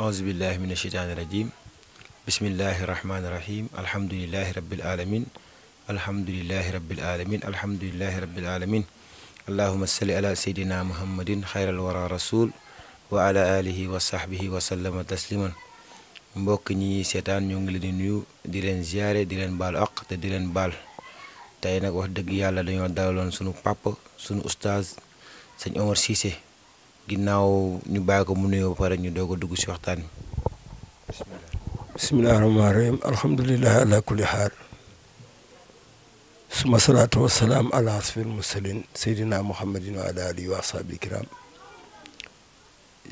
أعوذ بالله من الشيطان الرجيم بسم الله الرحمن الرحيم الحمد لله رب العالمين الحمد لله رب العالمين الحمد لله رب العالمين اللهم صل على سيدنا محمد خير الورى رسول وعلى آله وصحبه وسلم تسليما مبوك ني سيطان نيو نيو دي di nuyu di leen ziare di بال baal ak te di leen baal tey nag wax dëgg yàlla dañoo dalaloon sunu papa sunu ustaaz ginnaaw ñu bàyyi mu nuyoo ba pare ñu doog a dugg si waxtaan bi bisimilah rahmaani rahim alhamdulilah suma salaatu wasalaam ala asfil mursalin seydina muhammadin wa ala alihi wa kiram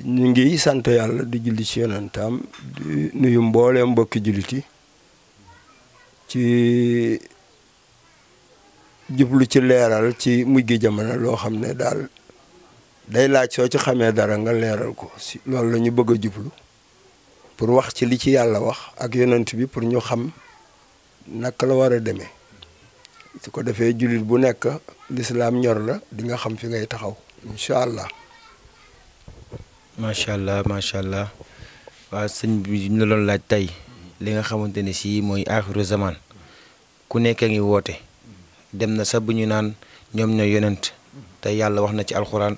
ñu ngi sant yàlla di julli ci yonentam di nuyu mbooleem mbokki julliti ci jublu ci leeral ci mujj gi loo xam ne daal day laaj soo ci xamee dara nga leeral ko si loolu la ñu bëgg a jublu pour wax ci li ci yàlla wax ak yonent bi pour ñu xam naka la war a demee su ko defee jullit bu nekk lislaam ñor la di nga xam si ngay taxaw incha allah. macha allah macha allah waa sëñ bi ñu la laaj tey li nga xamante ne sii mooy aaxiru zaman ku nekkee a ngi woote dem na sa bu ñu naan ñoom ñooy yonent te yàlla wax na ci alxuraan.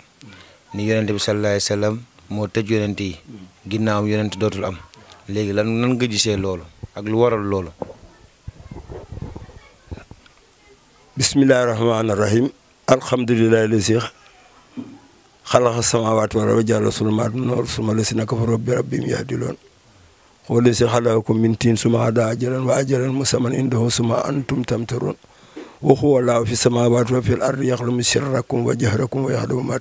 ni yonente bi sallallahu alayhi wa sallam moo tëj yonent yi ginnaawam yonent dootul am léegi lan nan nga gisee loolu ak lu waral loolu bismillahi rahmaani rahim alhamdulilahi lasi xalaqa samaawaati wal arda jàlla sulumaat noor suma la si naka fa rabbi rabbim yahdiloon wala si xalaakum min tiin suma ada ajalan wa ajalan musamman indahu suma antum tamtaroon waxuwa laaw fi sama wa fil ardi yaxlamu sirrakum wa jahrakum wa yaxlamu ma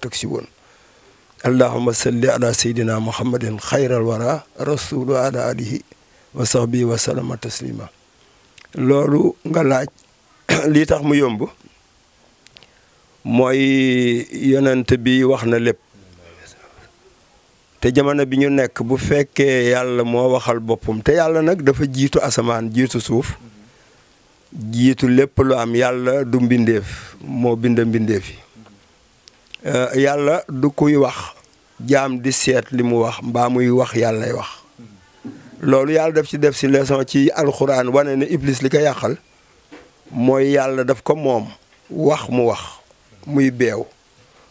اللهم صل على سيدنا محمد خير الورى رسول على آله وصحبه وسلم تسليما لولو غلاج لي تخ مو يومبو موي يوننت بي واخنا لب te jamana bi ñu nekk bu fekkee yàlla mo waxal bopum te yàlla nak dafa jitu asaman jitu suuf jitu lépp lu am yàlla du mbindeef mo bind mbindeef yi Euh, yàlla du kuy wax jaam di seet li mu wax mbaa muy wax yàlla wax loolu yàlla def ci def si leçon ci alxuraan wane ne iblis li ko yàqal mooy yàlla def ko moom wax mu wax muy beew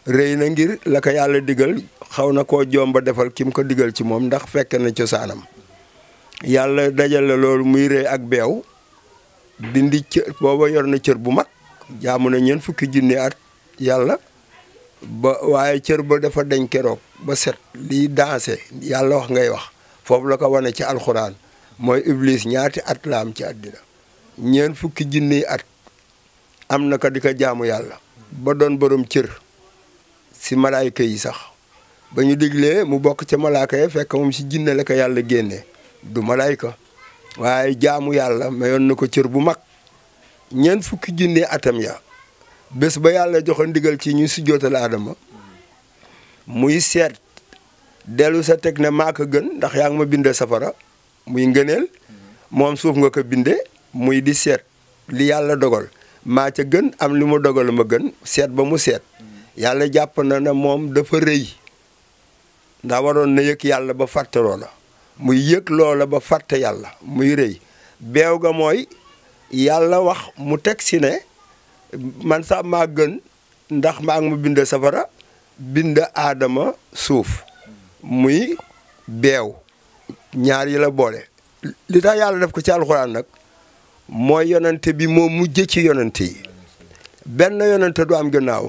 rëy na ngir la yàlla digal xaw na ko jomba defal ki mu ko digal ci moom ndax fekke na cosaanam yàlla dajal loolu muy rëy ak beew dindi cër booba yor na cër bu mag jaamu na ñeent fukki junni at yàlla ba waaye cër ba dafa deñ keroog ba set lii dansé yàlla wax ngay wax foofu la ko wane ci alxuraan mooy iblis ñaati at la am ci àddina ñeent fukki junniy at am na ko di ko jaamu yàlla ba doon borom cër si malaayka yi sax ba ñu diglee mu bokk ca malaaka ya fekk moom si jinne la ko yàlla génne du malaayka waaye jaamu yàlla mayoon na ko cër bu mag ñeent fukki junniy atam ya bés ba yàlla joxoon ndigal ci ñu si jootal aadama muy seet dellu sa teg ne maa ko gën ndax yaa ngi ma bindee safara muy ngëneel moom suuf nga ko bindee muy di seet li yàlla dogal maa ca gën am li mu dogal ma gën seet ba mu seet yàlla jàpp na ne moom dafa rëy ndax waroon na yëg yàlla ba fàtte la muy yëg loola ba fàtte yàlla muy rëy beew ga mooy yàlla wax mu teg si ne man sax maa gën ndax maa ngi mu bind safara bind aadama suuf muy beew ñaar yi la boole li tax yàlla def ko ci alxuraan nag mooy yonante bi moo mujj ci yonante yi benn yonante du am gannaaw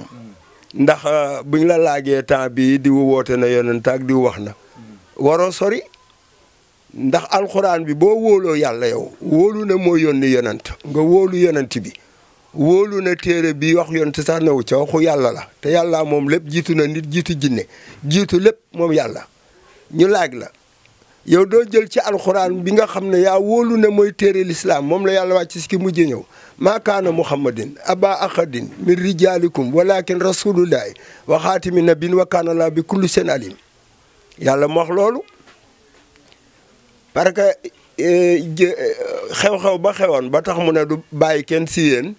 ndax euh, buñ la laajee temps bi di woote na yonante ak di wax na waroo sori ndax alxuraan bi boo wóoloo yàlla yow wóolu na moo yónni nga wóolu yonant bi wóolu na téere bi wax yoon te sax newu ca waxu yàlla la te yàlla moom lépp jiitu na nit jiitu jinne jiitu lépp moom yàlla ñu laaj la yow doo jël ci alxuraan bi nga xam ne yaa wóolu na mooy téere lislaam moom la yàlla wàcc si ki mujj ñëw maakaana muhammadin aba ahadin min rijaalikum walakin rasulullahi waxaati mi nabin wa kaana laa bi kulli seen alim yàlla mu wax loolu parce que eh, eh, xew-xew ba xewoon ba tax mu ne du bàyyi kenn si yéen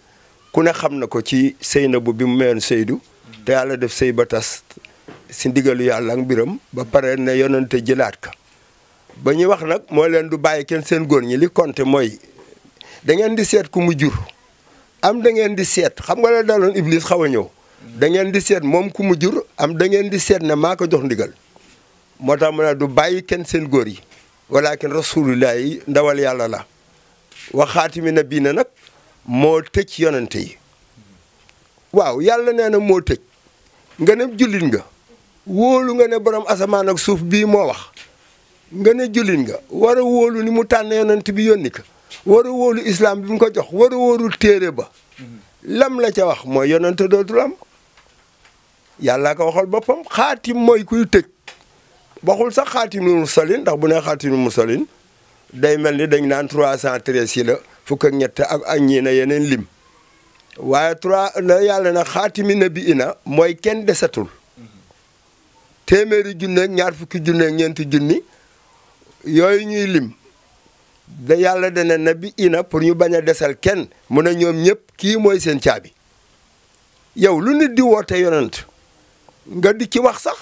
ku ne xam na ko ci sëy na bu bi mu meyoon Seydou te yàlla def sëy ba tas si ndigalu yàlla ak mbiram ba pare ne yonante jëlaat ka ba ñu wax nag moo leen du bàyyi kenn seen góor ñi li mooy da ngeen seet ku mu jur am da ngeen di seet xam nga la daloon Iblis xaw a ñëw da ngeen di seet moom ku mu jur am da ngeen di seet ne maa jox ndigal moo tax mu ne du bàyyi kenn seen góor yi walakin rasulullah yi ndawal yàlla la waxaati mi na bii na nag moo tëj yonente yi waaw yàlla nee na moo tëj nga ne jullit nga wóolu nga ne borom asamaan ak suuf bii moo wax nga ne jullit nga war a ni mu tànn yonent bi yónni ko war islam bi mu ko jox wara a wóolu téere ba lam la ca wax mooy yonent dootul am yàllaa ko waxal boppam xaatim mooy kuy tëj waxul sax xaatimul mursalin ndax bu ne xaatimul mursalin day mel ni dañ naan 313 yi sila fukk ak ñett ak ak ñii na yeneen lim waaye trois la yàlla na xaatimi bi ina mooy kenn desatul téeméeri junne ak ñaar fukki junne ak ñeenti junni yooyu ñuy lim da yàlla dana bi ina pour ñu bañ a desal kenn mu ne ñoom ñëpp kii mooy seen caabi yow lu nit di woote yonent nga di ci wax sax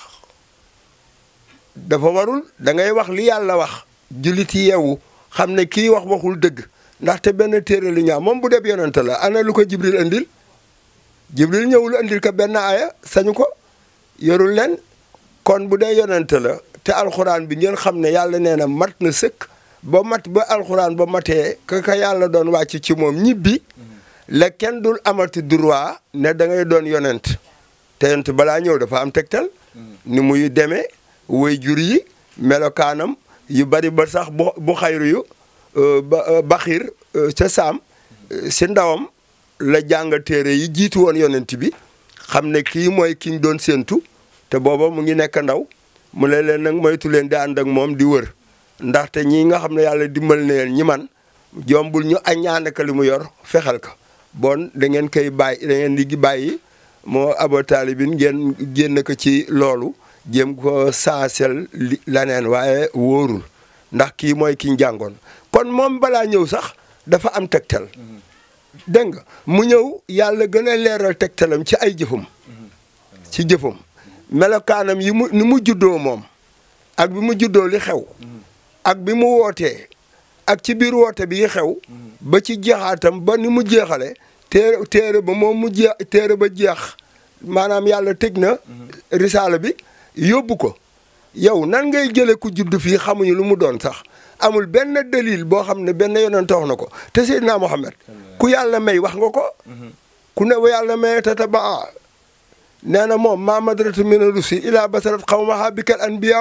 dafa warul da ngay wax li yàlla wax jullit yi yeewu xam ne kii wax waxul dëgg ndaxte benn téere lu ñaaw moom bu deb yonent la ana lu ko jibril andil jibril ñëwul andil ko benn aaya sañu ko yorul leen kon bu dee yonent la te alxuraan bi ngeen xam ne yàlla nee na mat na sëkk ba mat ba alxuraan ba matee ka ka yàlla doon wàcc ci moom ñibbi la dul amati droit ne da ngay doon yonent te yonent balaa ñëw dafa am tegtal ni muy deme way jur yi melokaanam yu bari ba sax bu bu Euh, Baxir euh, euh, ca Saam si ndawam la jàng téere yi jiitu woon yonent bi xam ne kii mooy ki ñu doon séentu te booba mu ngi nekk ndaw mu ne leen nag moytu leen di ànd ak moom di wër ndaxte ñii nga xam ne yàlla dimbal na leen ñi man jombul ñu añaan ka li mu yor fexel ko bon da ngeen koy bàyyi da ngeen di bàyyi moo abo taalibin ngeen génn ko ci loolu jéem ko saasel laneen waaye wóorul ndax kii mooy ki ñu jàngoon kon moom balaa ñëw sax dafa am tegtal dégg nga mu ñëw yàlla gën a leeral tegtalam ci ay jëfum ci jëfum melokaanam yi mu ni mu juddoo moom ak bi mu juddoo li xew ak bi mu wootee ak ci biir woote bi xew ba ci jeexaatam ba ni mu jeexale téere téere ba moom mu jeex téere ba jeex maanaam yàlla teg na risaala bi yóbbu ko yow nan ngay jële ku judd fii xamuñu lu mu doon sax amul ben dalil bo xamne ben yonent wax na te sayyidina muhammad ku yàlla may wax nga ko ku ne yàlla may tataba tabaa mom ma madratu min rusi ila basarat xawmaha bikal anbiya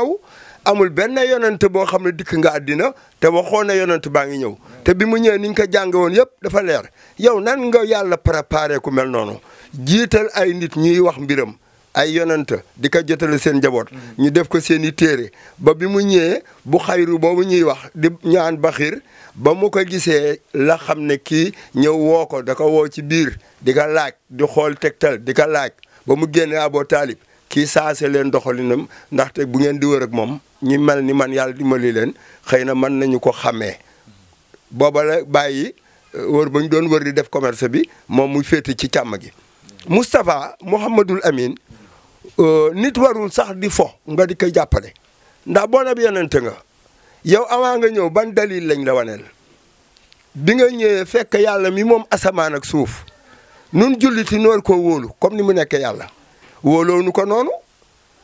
amul ben yonent bo xamne dik nga adina te waxone yonent baa ñëw te bimu ñew ñëwee ni nga ko jàng woon yëpp dafa leer yow nan nga yàlla préparer ku mel nonu jital ay nit ñuy wax mbiram ay yonanta di ko jotale seen njaboot. ñu def ko seen i téere ba bi mu ñëwee bu xayru boobu ñuy wax di ñaan baxiir ba mu ko gisee la xam ne kii ñëw woo ko da ko woo ci biir di ko laaj di xool tegtal di ko laaj ba mu génne Abo Taalib kii saase leen doxalinam ndaxte bu ngeen di wër ak moom ñi mel ni man yàlla dimbali leen xëy na mën nañu ko xàmmee booba la bàyyi euh, wër ba ñu doon wër di def commerce bi moom mu féete ci càmm gi. Moustapha Mouhamadul Amin. Euh, nit warul sax di fo nga di koy jàppale ndax boo nab yonente nga yow avant nga ñëw ban dalil lañ la waneel bi nga ñëwee fekk yàlla mi moom asamaan ak suuf nun julliti noor ko wóolu comme ni mu nekk yàlla wóoloonu ko noonu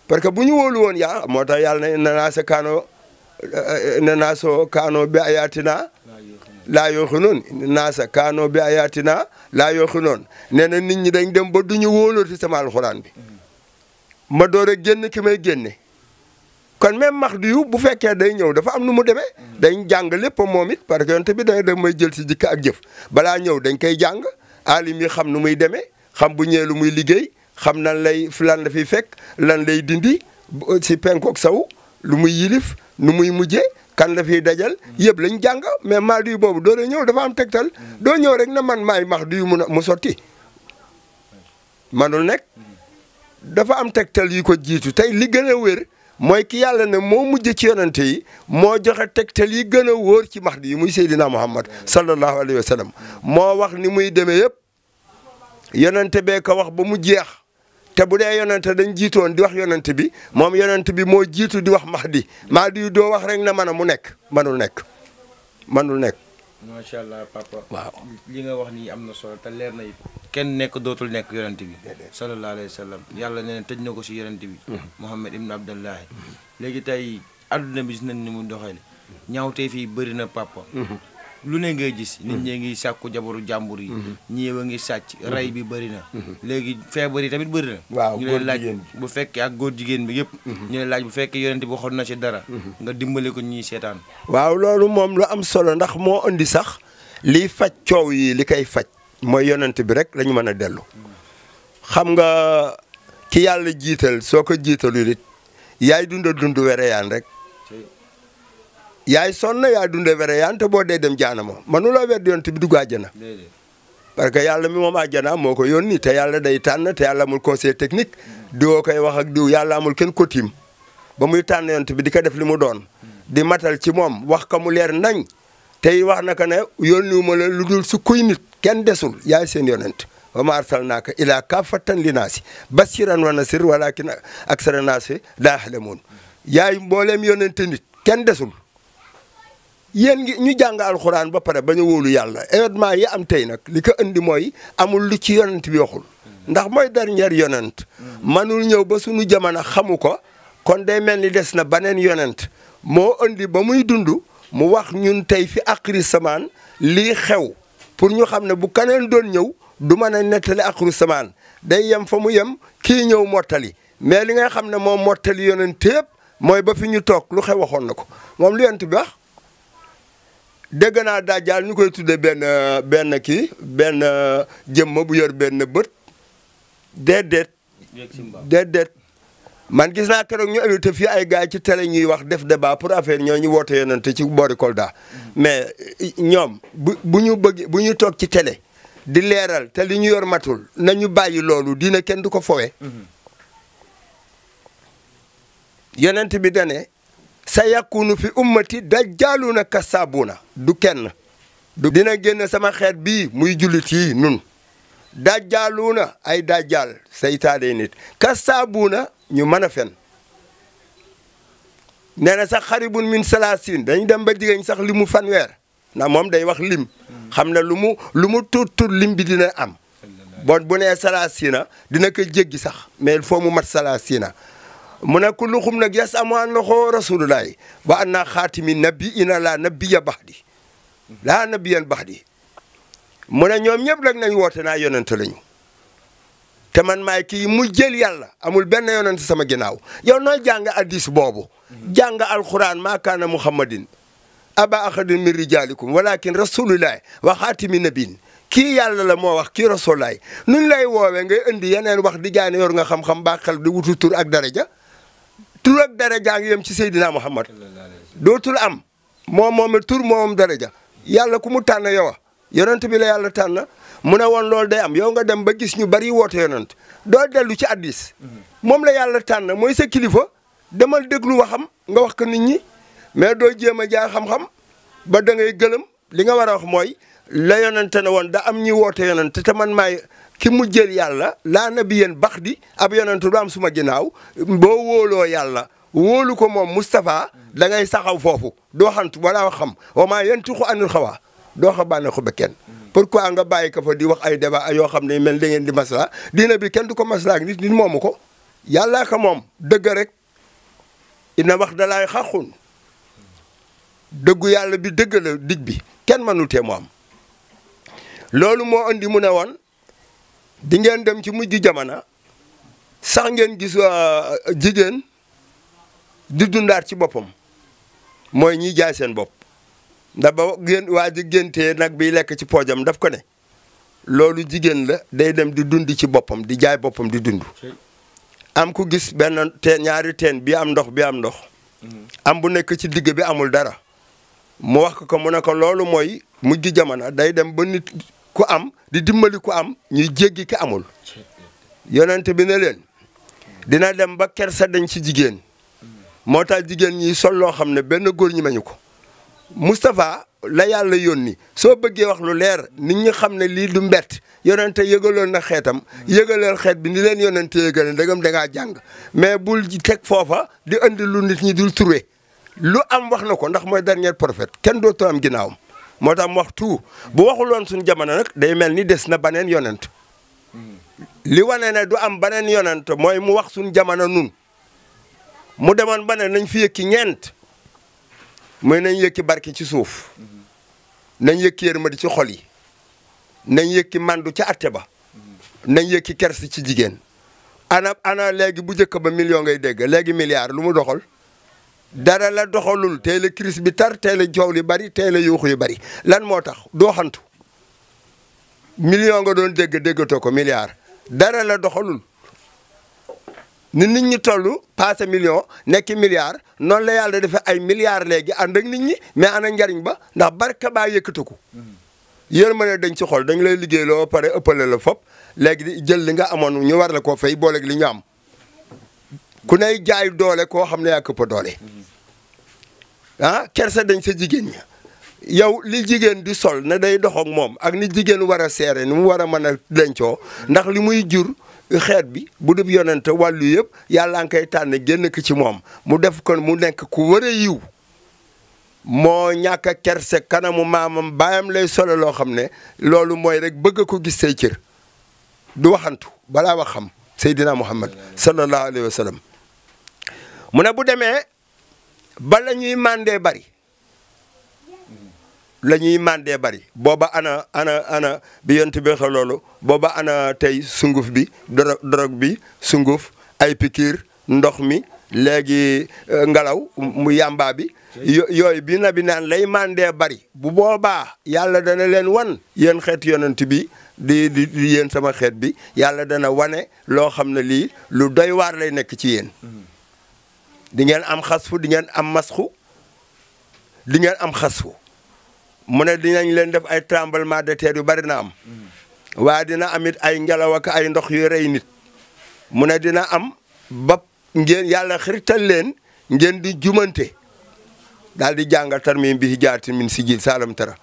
parce que bu ñu wóolu woon yaa moo tax yàlla ne nanaa sa kaano eh, nanaa soo kaano bi ayaatina laa yooxi noon naa sa kaano bi ayaatina laa yooxi noon nee na nit ñi dañ dem ba du ñu wóolooti sama bi ma door a génn ki may génne kon même Mahdi yu bu fekkee day ñëw dafa am nu mu demee dañ jàng lépp moom it parce que yonent da may jël si jikko ak jëf balaa ñëw dañ koy jàng alim yi xam nu muy demee xam bu ñëwee lu muy liggéey xam nan lay lan la fiy fekk lan lay dindi si penku ak saw lu muy yilif nu muy mujjee kan la fiy dajal yëpp lañ jàng mais Mahdi yu boobu doo ñëw dafa am tegtal doo ñëw rek na man maay Mahdi yu mu mu sotti manul nekk dafa am tegtal yi ko jiitu tey li gën a wér mooy ki yàlla ne moo mujj ci yonante yi moo joxe tegtal yi gën a woor ci mahdi yi muy Seydina Muhammad sallallahu alayhi wa sallam moo wax ni muy demee yëpp yonante bee ko wax ba mu jeex te bu dee yonante dañ jiitoon di wax yonante bi moom yonante bi moo jiitu di wax di mahdi yu doo wax rek na mën a mu nekk mënul nekk mënul nekk macha allah papa. waaw li nga wax nii am na solo te leer na it. kenn nekk dootul nekk yonent bi. sallallahu alayhi wa yàlla nee na tëj na ko si yonent bi. Mouhamed mm-hmm. Ibn Abdallahi léegi tey àdduna bi gis nañ ni mu doxee ñaaw tey fii bëri na papa. Mm-hmm. lu ne nga gis nit ñee ngi sàkku jabaru jàmbur yi mhm. ñéew a ngi sàcc mhm. rey bi bëri na mhm. léegi feebar yi tamit bëri na waaw ñu lay laaj bu fekkee ak góor jigéen bi yëpp ñu lay laaj bu fekkee yonente bi waxoon na ci dara nga dimbale ko ñuy seetaan waaw loolu moom lu am solo ndax moo indi sax liy faj coow yi li koy faj mooy yonent bi rek lañ mën a dellu xam nga ki yàlla jiital soo ko jiitalul it yaay dunda dund wereyaan rek yaay sonna yaa dundee were yaan te boo dee dem jaana ma manuloo weddi yonent bi dugg àjjana parce que yàlla mi moom ajana moo ko yónni te yàlla day tànn te yàlla amul conseil technique diwoo koy wax ak diw yàlla amul kenn kotiim ba muy tànn yonent bi di ko def li mu doon di matal ci moom wax ka mu leer nañ tey wax na ko ne yónniwuma la lu dul su kuy nit kenn desul yaay seen yonent wa ma arsalnaaka ilaa kaafatan li naasi basiran wa nasir walakin aksara naasi laa ya'lamuun yaay mbooleem yonente nit kenn desul yéen ngi ñu jàng alxuraan ba pare ba ñu wóolu yàlla événement yi am tey nag li ko indi mooy amul lu ci yonent bi waxul ndax mooy dernier yonent manul ñëw ba suñu jamono xamu ko kon day mel ni des na beneen yonent moo indi ba muy dund mu wax ñun tey fi akri samaan li xew pour ñu xam ne bu keneen doon ñëw du mën a nettali akru samaan day yem fa mu yem kii ñëw mottali mais li nga xam ne moom mottali yonent yëpp mooy ba fi ñu toog lu xew waxoon na ko moom lu yonent dégg naa dajjaal ñu koy tudde benn benn kii benn euh, jëmma bu yor benn bët déedéet déedéet man gis naa keroog ñu invité fii ay gars ci télé ñuy wax def débat pour affaire ñoo ñu woote yonante ci boori mm-hmm. mais euh, ñoom bu bu ñu bëgg bu ñu toog ci télé di leeral te li ñu yor matul nañu bàyyi loolu diina kenn du ko fowe mm-hmm. yonent bi dane sa yakunu fi ummati dajjaaluuna kasaabuuna du kenn du dina génn sama xeet bii muy jullit yi nun dajjaaluuna ay dajjaal saytaane nit kasaabuuna ñu mën a fen nee na sax xaribun min salaasin dañ dem ba jigéen sax li mu fanweer na moom day wax lim xam na lu mu lu mu tuut lim bi dina am bon bu nee salaasina dina ko jéggi sax mais il faut mu mat salaasina من كلهم نجس أمان رسول الله وأنا خاتم النبي إن لا نبي بعدي لا نبي بعدي من يوم يبلغنا يوتنا يننتلين كمان مايكي مجلي الله أمول بنا يننت سما جناو يونا جانغ أديس بابو جانغ القرآن ما كان محمدين أبا أخذ من رجالكم ولكن رسول الله وخاتم النبي كي يالله لما وقت رسول الله نلاقي وابنك عندي أنا وقت دجاني يرنا خم خم باكل دوتو تور أقدر إياه tur ak daraja ngi yem ci Seydina Muhammad dootul am moom moom tur moomam daraja yàlla ku mu tànn yow a yonent bi la yàlla tànn mu ne woon loolu day am yow nga dem ba gis ñu bari woote yonent doo dellu ci addis moom la yàlla tànn mooy sa kilifa demal déglu waxam nga wax ko nit ñi mais doo jéem a jaay xam-xam ba da ngay gëlëm li nga war a wax mooy la yonente ne woon da am ñi woote yonent te man may ki mu jël yàlla laa nabiyan bax di ab yonentu du am suma ginnaaw boo wooloo yàlla woolu ko moom Moustapha da ngay saxaw foofu doo xantu wala wax xam wa maa yantiqu anil hawaa doo xa bànne ko ba kenn pourquoi nga bàyyi ko fa di wax ay débat yoo xam ne mel da ngeen di masla diina bi kenn du ko masla ak nit nit moomu ko yàllaa ko moom dëgg rek ina wax dalaay xaqun dëggu yàlla bi dëgg la dig bi kenn mënul tee mu am loolu moo indi mu ne woon di ngeen dem ci mujj jamono sax ngeen gis waa euh, jigéen di dundaat ci boppam mooy ñiy jaay seen bopp ndax ba génn waa ji nag bi lekk ci poojam daf ko ne loolu jigéen la day dem di dund ci boppam di jaay boppam di dund am ku gis benn teen ñaari teen bi am ndox bi am ndox mhm. am bu nekk ci digg bi amul dara mu wax ko ko mu ne ko loolu mooy mujj jamono day dem ba nit ku am di dimbali ku am ñuy jéggi ki amul yonent bi ne leen dina dem ba kersa dañ ci jigéen moo tax jigéen ñi sol loo xam ne benn góor ñi mañu ko Moustapha la yàlla yónni soo bëggee wax lu leer nit ñi xam ne lii du mbett yonente yëgaloon na xeetam yëgaleel xeet bi ni leen yonente yëgale ndegam da ngaa jàng mais bul teg foofa di andi lu nit ñi dul trouvé lu am wax na ko ndax mooy dernier prophète kenn dootu am ginnaawam moo tax mu wax bu waxuloon suñu jamono nag day mel ni des na baneen yonent li wane ne du am baneen yonent mooy mu wax suñu jamono nun mu demoon ba ne nañ fi yëkki ñeent mooy nañ yëkki barke ci suuf nañ yëkki yërmande ci xol yi nañ yëkki mandu ca atte ba nañ yëkki kersi ci jigéen ana ana léegi bu njëkk ba million ngay dégg léegi milliard lu mu doxal dara la doxalul tey la crise bi tar tey joow li bari tey la yuuxu yi bari lan moo tax doo xantu million nga doon dégg déggatoo ko milliard dara la doxalul ni nit ñi toll passé million nekki milliard noonu la yàlla defee ay milliards léegi ànd ak nit ñi mais ana njariñ ba ndax barka baa yëkkatu ko yéen ma ne dañ ci xol dañ lay liggéey loo pare ëppale la fop léegi jël li nga amoon ñu war la koo fay booleeg li ñu am. ku nay jaay doole koo xam ne yaa këpp doole mm-hmm. ah kersa dañ sa jigéen ña yow li jigéen di sol na day dox ak moom ak ni jigéen war a seere ni mu war a mën a dencoo mm-hmm. ndax li muy jur xeet bi bu dub yonente wàllu yëpp yàlla nga koy tànn génn ko ci moom mu def kon mu nekk ku war a yiw moo ñàkk a kerse kanamu maamam baayam lay solo loo xam ne loolu mooy rek bëgg ko gis say cër du waxantu balaa wax xam Seydina Muhammad mm-hmm. sallallahu alayhi wa sallam mu ne bu demee ba la ñuy mandee bari la ñuy mandee bari booba ana ana ana bi yont bi xew booba ana tey sunguf bi doro dorog bi sunguf ay pikiir ndox mi léegi euh, ngelaw mu yàmbaa bi yooyu bi na bi naan lay mandee bari bu boobaa yàlla dana leen wan yéen xeet yonent bi di di yéen sama xeet bi yàlla dana wane loo xam ne lii lu doy waar lay nekk ci yéen mm-hmm. dingeen ngeen am xasfu di ngeen am masxu di am xasfu mu ne dinañ leen def ay tremblement de ter yu bari na am waaye dina am it ay ngelaw ak ay ndox yu rey nit mu ne dina am ba ngeen yàlla xirtal leen ngeen di jumante daal di jàngal tarmim bi hijaarati min sijil saalam tara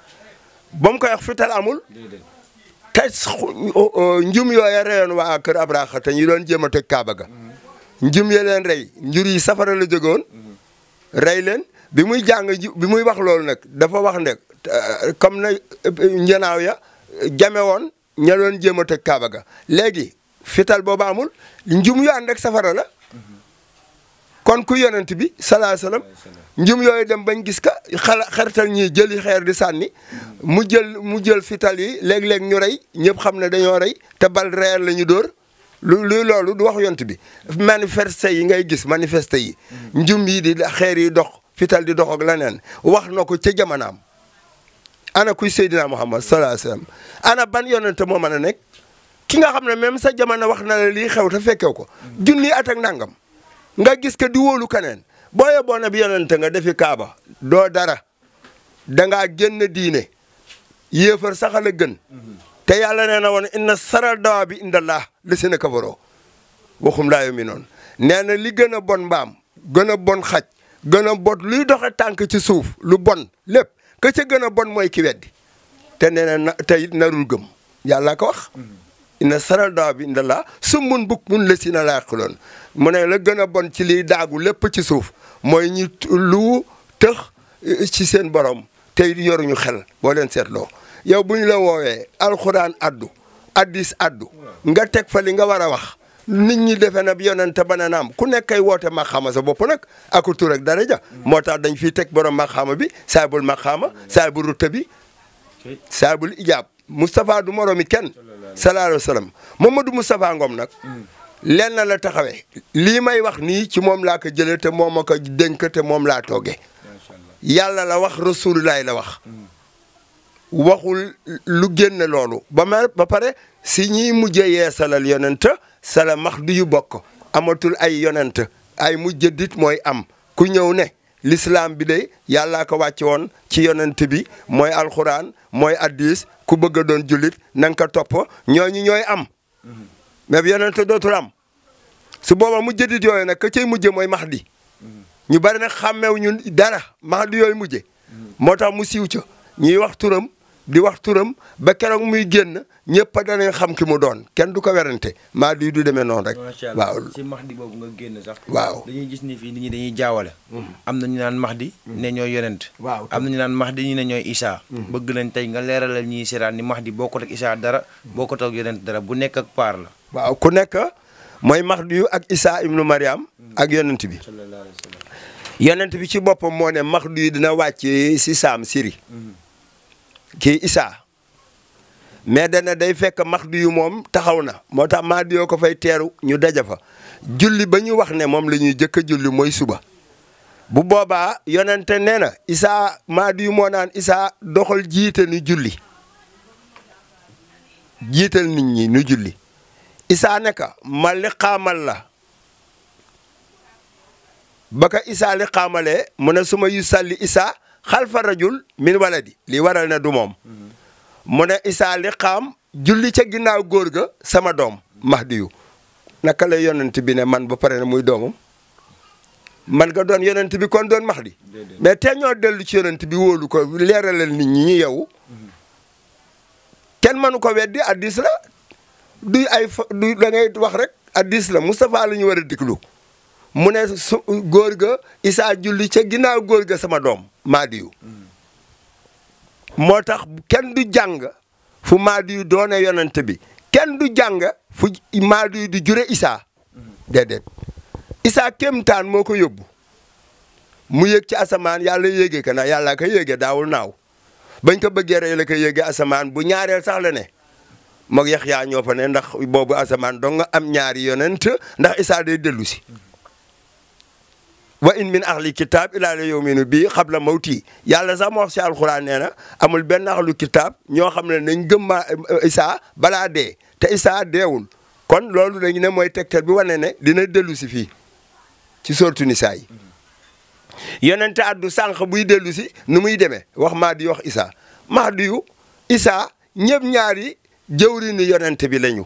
ba mu koy wax fital amul te njum yooya reyoon waa kër Abraha te ñu doon jéem a toj Kaaba njum ya leen rey njur yi safara la jógoon rey leen bi muy jàng bi muy wax loolu nag dafa wax ne euh, comme na euh, njanaaw ya jame woon ña jéem a kaaba ga léegi fital booba amul njum yu ànd ak la kon ku yonent bi salaa salaam yooyu dem bañ gis ka xala xarital jëli xeer di sànni mu jël mu jël fital yi léeg-léeg ñu rey ñëpp xam ne dañoo rey te bal reer lañu ñu lu loolu du wax yont bi manifeste yi ngay gis manifeste yi mhm. njum yi di xeer yi dox fital di dox ak leneen wax na ko ca jamonaam ana kuy Seydina Muhammad sallallahu alayhi wasallam ana ban yonente moo mën a nekk ki nga xam ne même sa jamono wax na la lii xew te fekkew ko mhm. junni at ak nangam nga gis ko di wóolu keneen boo yeboo na bi yonente nga defi kaaba doo dara dangaa génn dine yéefar sax la gën mhm. te yàlla nee na woon inna saral dawa bi indallah li si na kafaroo waxum laa yuminoon nee na li gën a bon mbaam gën a bon xaj gën a bon luy doxe tànk ci suuf lu bon lépp ka ca gën a bon mooy ki weddi te nee na te it narul gëm yàlla ko wax inna saral dawa bi indallah summun bukmun la si na laa yaqiloon mu ne la gën a bon ci liy daagu lépp ci suuf mooy ñu lu tëx ci seen borom te yoruñu xel boo leen seetloo yow bu ñu la woowee alxuraan addu addis addu nga teg fa li nga war a wax nit ñi defe na yonente ba naam ku nekk ay woote maxaama sa bopp nag aku rek ak daraja moo tax dañ fi teg borom maxaama bi saabul maxaama saabul rutta bi saabul ijaab Moustapha du moromi kenn sallallahu alayhi wa sallam Mamadou Moustapha Ngom nag lenn la taxawee lii may wax nii ci moom laa ko jëlee te moom ma ko moom laa toogee yàlla la wax rasulullaay la wax hmm. waxul lu génn loolu ba ma pare si ñiy mujjee yeesalal yonent sala max du yu bokk amatul ay yonent ay mujjadit mooy am ku ñëw ne l'islam bi de yàllaa ko wàcce woon ci yonent bi mooy alxuraan mooy addis ku bëgg a doon jullit na nga ko topp ñooñu ñooy am mm-hmm. mais yonent dootul am su boobaa mujjadit yooyu nag ka cay mooy max di mm-hmm. ñu bari nag xàmmeew dara max di yooyu mm-hmm. moo tax mu siiw ca ñuy wax turam di wax turam ba keroog muy génn ñëpp danañ xam ki mu doon kenn du ko werante maa di du demee noonu rek. waaw si Mahdi boobu nga génn sax. waaw dañuy gis ni fii nit ñi dañuy jaawale. Mm-hmm. am na ñu naan max di mm-hmm. ne ñoo yonent. waaw am na ñu naan di ñu ne ñooy Isa. Mm-hmm. bëgg nañ tey nga leeralal ñuy seeraan ni Mahdi bokkut ak Isa dara. boo ko ak yonent dara bu nekk ak paar la. waaw ku nekk mooy max Mahdi yu ak Isa ibnu Mariam. ak yonent bi. yonent bi ci boppam moo ne Mahdi yu dina wàcc si saam siri. kii Issa mais dana day fekk Mahdi yu moom taxaw na moo tax Mahdi yoo ko fay teeru ñu daja fa julli ba ñu wax ne moom la ñuy jëkk a julli mooy suba bu boobaa yonente nee na Issa Mahdi moo naan Issa doxal jiite nu julli jiital nit ñi nu julli Issa ne ma liqaamal la ba ka Issa liqaamalee mu ne suma yu Issa xalfa rajul min waladi li waral na du moom mu ne isaa li xaam julli ca ginnaaw góor ga sama doom mahdiyu naka lay yonent bi ne man ba pare ne muy doomam man nga doon yonent bi kon doon mahdi mais te ñoo dellu ci yonent bi wóolu ko leeralal nit ñi yow kenn mënu ko weddi addis la duy ay du da ngay wax rek addis la Moustapha la ñu war a déglu mu ne su góor ga isaa julli ca ginnaaw góor ga sama doom maadiyu moo tax kenn du jàng fu maadiyu doone yonent bi kenn du jàng fu maadiyu di jure isaa déedéet isaa kéemtaan moo ko yóbbu mu yëg ci asamaan yàlla yéege ko na yàlla ko yéege daawul naaw bañ ko bëggee rey la ko asamaan bu ñaareel sax la ne moog Yaxya ñoo fa ne ndax boobu asamaan dong nga am ñaari yonent ndax isaa day dellu wa in min ahli kitaab ilaa la yawminu bii xabla mawti yàlla sax moo wax si alxuraan nee na amul benn ahlu kitaab ñoo xam ne nañ gëm maa Isaa balaa dee te Isaa deewul kon loolu dañu ne mooy tegtal bi wane ne dina dellu si fii ci sortu nisaa yi yonente addu sànq buy dellu si nu muy demee wax Mahdi wax Isaa Mahdi yu Isaa ñëpp ñaari jëwriñu yonente bi lañu.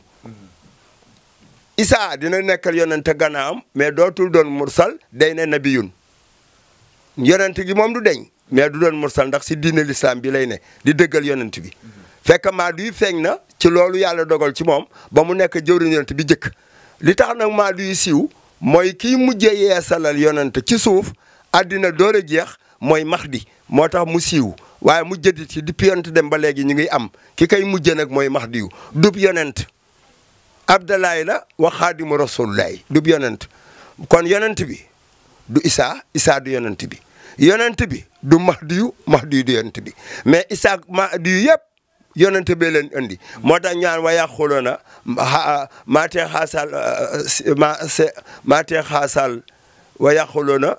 Isa dina nekkal yonente gannaawam mais dootul doon mursal day ne nabiyun yonente gi moom du deñ mais du doon mursal ndax si diine lislaam bi lay ne di dëggal yonent bi fekk maa yi feeñ na ci loolu yàlla dogal ci moom ba mu nekk jëwriñ yonent bi jëkk li tax nag maa yi siiw mooy kiy mujjee yeesalal yonent ci suuf àddina door a jeex mooy max di moo tax mu siiw waaye mujjadit ci di yonent dem ba léegi ñu ngi am ki kay mujj nag mooy Mahdi yu dub yonent Abdalaay la wa xaadimu rasulullaay du yonent kon yonent bi du Isaa Isaa du yonent bi yonent bi du Mahdiyu Mahdiyu du yonent bi mais Isaa Mahdiyu yëpp yonent bee leen andi moo tax ñaan wa yàquloona maatee xaasal maatee xaasal wa yàquloona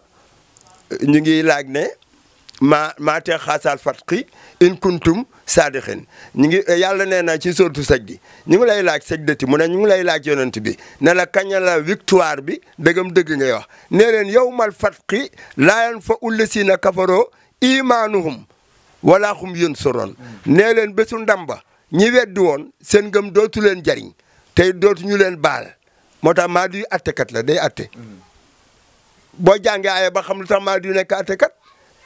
ñu ngi laaj ne maa maa tee xaasaal fatqi in kuntum saadixin ñu ngi yàlla nee na ci sortu sajdi ñu ngi lay laaj sajdati mu ne ñu ngi lay laaj yonent bi ne la kañ la victoire bi dëggam dëgg ngay wax nee leen yawmal fatqi laa yanfa'u llasiina kafaroo iimaanuhum wala hum yunsaroon nee leen bésu ndam ba ñi weddi woon seen ngëm dootu leen jariñ tey dootu ñu leen baal moo tax maa duy la day atte mm. boo jàngee aaya ba xam lu tax maa duy nekk attekat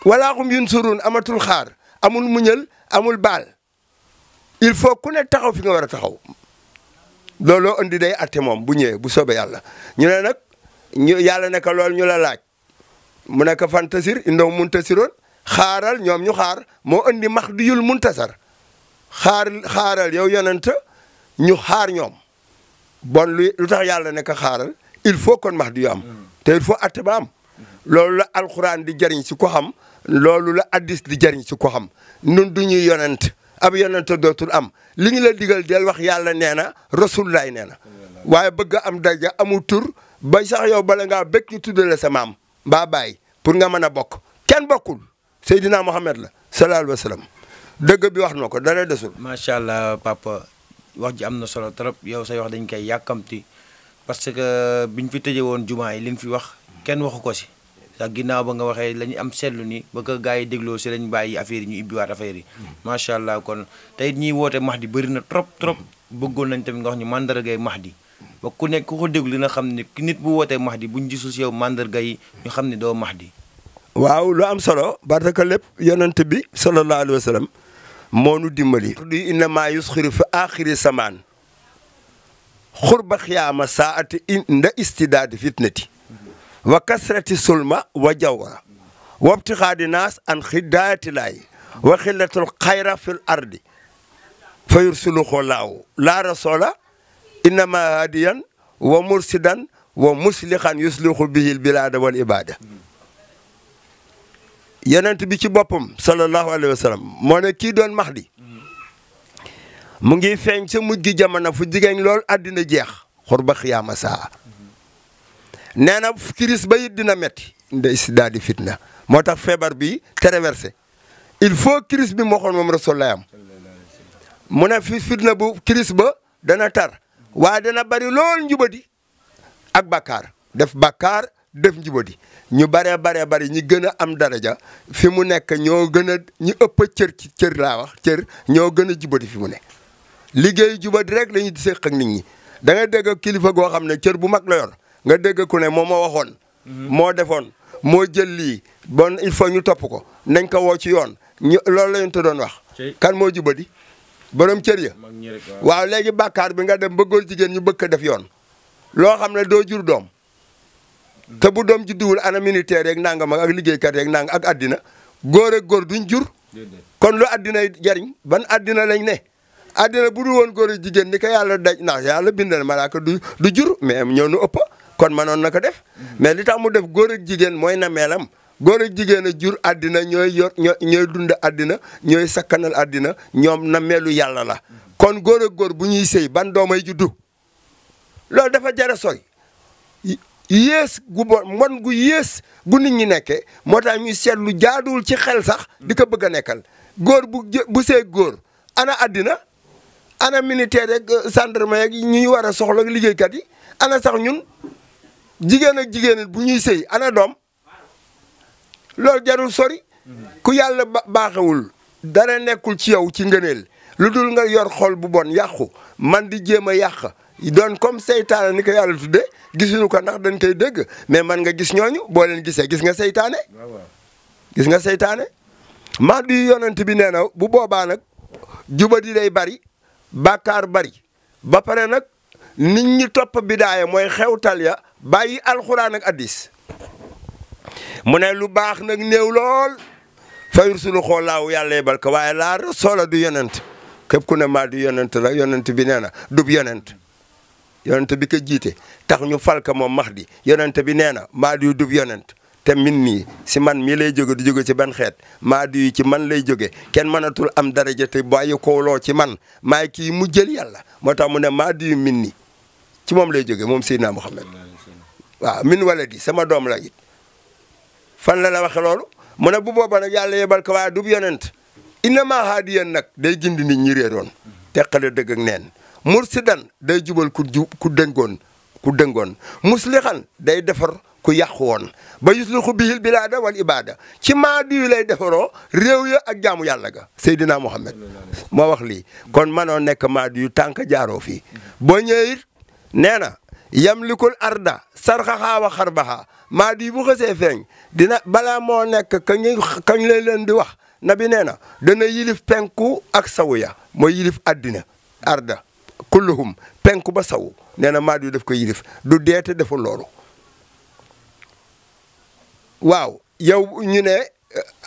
ولا هم ينصرون amatul xaar amul muñal amul بال il faut ku ne taxaw fi nga war a taxaw looloo indi day atte moom bu ñëwee bu soobee yàlla ñu ne nag ñu yàlla ne ko loolu ñu la laaj mu ne ko fantasir indaw muntasiroon xaaral ñoom ñu xaar moo indi max di yul muntasar xaar xaaral yow yonent ñu xaar ñoom bon lu tax yàlla ne ko xaaral il faut kon max di yu te il faut atte ba am loolu la alxuraan di jariñ si ko xam loolu la addis di jariñ si ko xam nun du ñuy yonent ab yonent dootul am li ñu la digal del wax yàlla nee na rasulullaay nee na waaye bëgg am daja amul tur ba sax yow bala ngaa bëgg ñu tuddale sa maam baa baay pour nga mën a bokk kenn bokkul Seydina Mohamed la sallallahu alayhi dëgg bi wax na ko dara desul. macha allah papa wax ji am na solo trop yow say wax dañ koy yàkkamti parce que biñ fi tëjee woon jumaa yi liñ fi wax kenn waxu ko si. ndax ginnaaw ba nga waxee la ñu am seetlu ni ba ko gars yi dégloo si lañ bàyyi affaire ñu ibbiwaat affaire yi hmm. macha allah kon tey ñiy woote Mahdi bëri na trop trop hmm. bëggoon nañ tamit nga wax ñu mandargay Mahdi ba ku nekk ku ko déglu na xam ne nit bu wootee Mahdi buñ gisul si yow mandarga yi ñu xam ne doo max di waaw lu am solo parce que lépp yonent bi sallallahu alayhi wa sallam moo nu dimbali di innama yusxiru fi axiri samaan xurba xiyaama saati inda istidaadi fitnati وكثره سلمى وجورا وابتغاد الناس عن خدايه الله وخله الخير في الارض فيرسل خلاه لا رسول انما هاديا ومرسدا ومسلخا يسلخ به البلاد والعباده يننت بي بوبم صلى الله عليه وسلم مو كي دون مخدي موغي فنج مجي جامنا فو جيغن لول ادنا جيخ خربا خيام ساعه nee na kiris ba it dina metti nda fitna moo tax feebar bi traversé il faut kiris bi mu waxoon moom rasul lay am mu ne fi fitna bu kiris ba dana tar waa dana bari lool njubadi ak bàkkaar def bàkkaar def njubadi ñu baree baree bari ñi gën a am daraja fi mu nekk ñoo gën a ñu ëpp cër ci cër laa wax cër ñoo gën a jubadi fi mu ne liggéey jubadi rek la di seq ak nit ñi da ngay dégg kilifa goo xam ne cër bu mag la yor nga dégg ku ne moom moo waxoon. Mhm. moo defoon moo jël lii bon il faut ñu topp ko nañ ko woo ci yoon ñu loolu la ñu doon wax. kan moo jubadi borom cër ya waaw léegi bàkkaar bi nga dem ba góor jigéen ñu bëgg def yoon. loo xam ne doo jur doom. te bu doom judduwul ana militaire yeeg nangam ak liggéeykat yeeg nangam ak addina góor ak góor duñ jur. kon lu addina jariñ ban addina lañ ne. addina bu woon góor jigéen ni ko yàlla daj ndax yàlla bindal malaaka du du jur mais ñoo nu ëpp. kon manon na def mais li tax mu def góor ak jigen moy na melam góor ak jigen jur adina ñoy yor ñoy dund adina ñoy sakanal adina ñom na melu yalla la kon góor ak góor bu ñuy sëy ban domay juddu lol dafa jara soy yes gu mon gu yes gu nit ñi nekké motax ñuy ci xel sax diko bëgg nekkal bu bu sey ana adina? ana militaire rek euh, gendarme yeeg ñuy war kat yi ana sax ñun jigen ak jigen bu ñuy sey ana dom loolu jarul sori ku yalla baaxewul dara nekkul ci yow ci ngeenel luddul nga yor xol bu bon yàqu man di jema a don comme seytane ni ko yalla tudde gisunu ko ndax dañ koy deug mais man nga gis ñooñu bo leen gisse gis nga seytane gis nga seytane ma di yonent bi neena bu boba nak juba di lay bari bakar bari ba pare nak nit ñi top bidaaya moy xewtal ya bàyyi alxuraan ak addis mu ne lu baax nag néew lool fayur sulu xoolaaw yàlla bal ko waaye laa soola du yonent képp ku ne maa du yonent la yonent bi nee na dub yonent yonent bi ko jiite tax ñu fal ko moom di yonent bi nee na maa du dub yonent te min nii si man mii lay jóge du jóge ci ban xeet maa du ci man lay jóge kenn mënatul am daraja te bàyyi kooloo ci man maay kii mu jël yàlla moo tax mu ne maa du min nii ci moom lay jóge moom Seydina Muhammad waaw min wala di sama doom la it fan la la waxe loolu mu ne bu booba nag yàlla yebal ko waaye du yonent innama haadiyan nag day gindi nit ñi réeroon teqale dëgg ak neen mursidan day jubal ku ju ku dëngoon ku day defar ku yàqu woon ba yuslihu bihil bilaada wal ibaada ci maadu yi lay defaroo réew ya ak jaamu yàlla ga Seydina Muhammad moo wax lii kon mënoo nekk maadu yu tànk jaaroo fii boo ñëwee it nee na yam yamlikul arda sarxaxaa wa xarbaxaa maa di bu xësee feeñ dina bala moo nekk kañ kañ lay leen di wax nabi nee na dana yilif penku ak sawu ya mooy yilif addina arda kulluhum penku ba sawu nee na maa di daf ko yilif du deete deful loolu waaw yow ñu ne eh,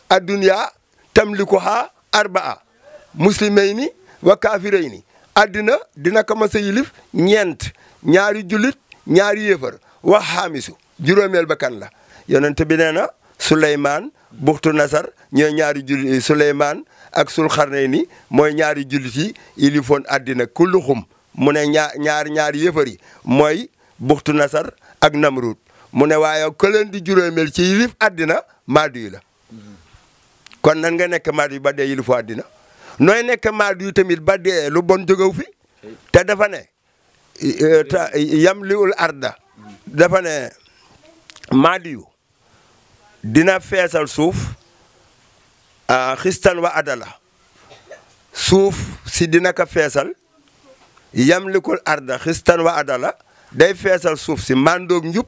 adduniya tamlikuha arbaa muslimayni wa kaafirayni addina dina ko mas a yilif ñeent ñaari julit ñaari yéefar wax xaamisu juróomeel ba kan la yonent bi nee na Souleymane buxtu nasar ñooy ñaari jullit eh, Souleymane ak Sulxarnayni mooy ñaari jullit yi ilifoon àddina kulluxum mu ne ñaar ñaar ñaari yéefar yi mooy buxtu nasar ak Namruud mu ne waaye ku leen ci yilif àddina maadu yi la kon nan nga nekk maadu yi ba dee yilifu àddina nooy nekk maadu yi tamit ba dee lu bon jógew fi te dafa yam liul arda dafa ne dina feesal suuf xistan wa adala suuf si dina ko feesal yam likul arda xistan wa adala day feesal suuf si mandoog njub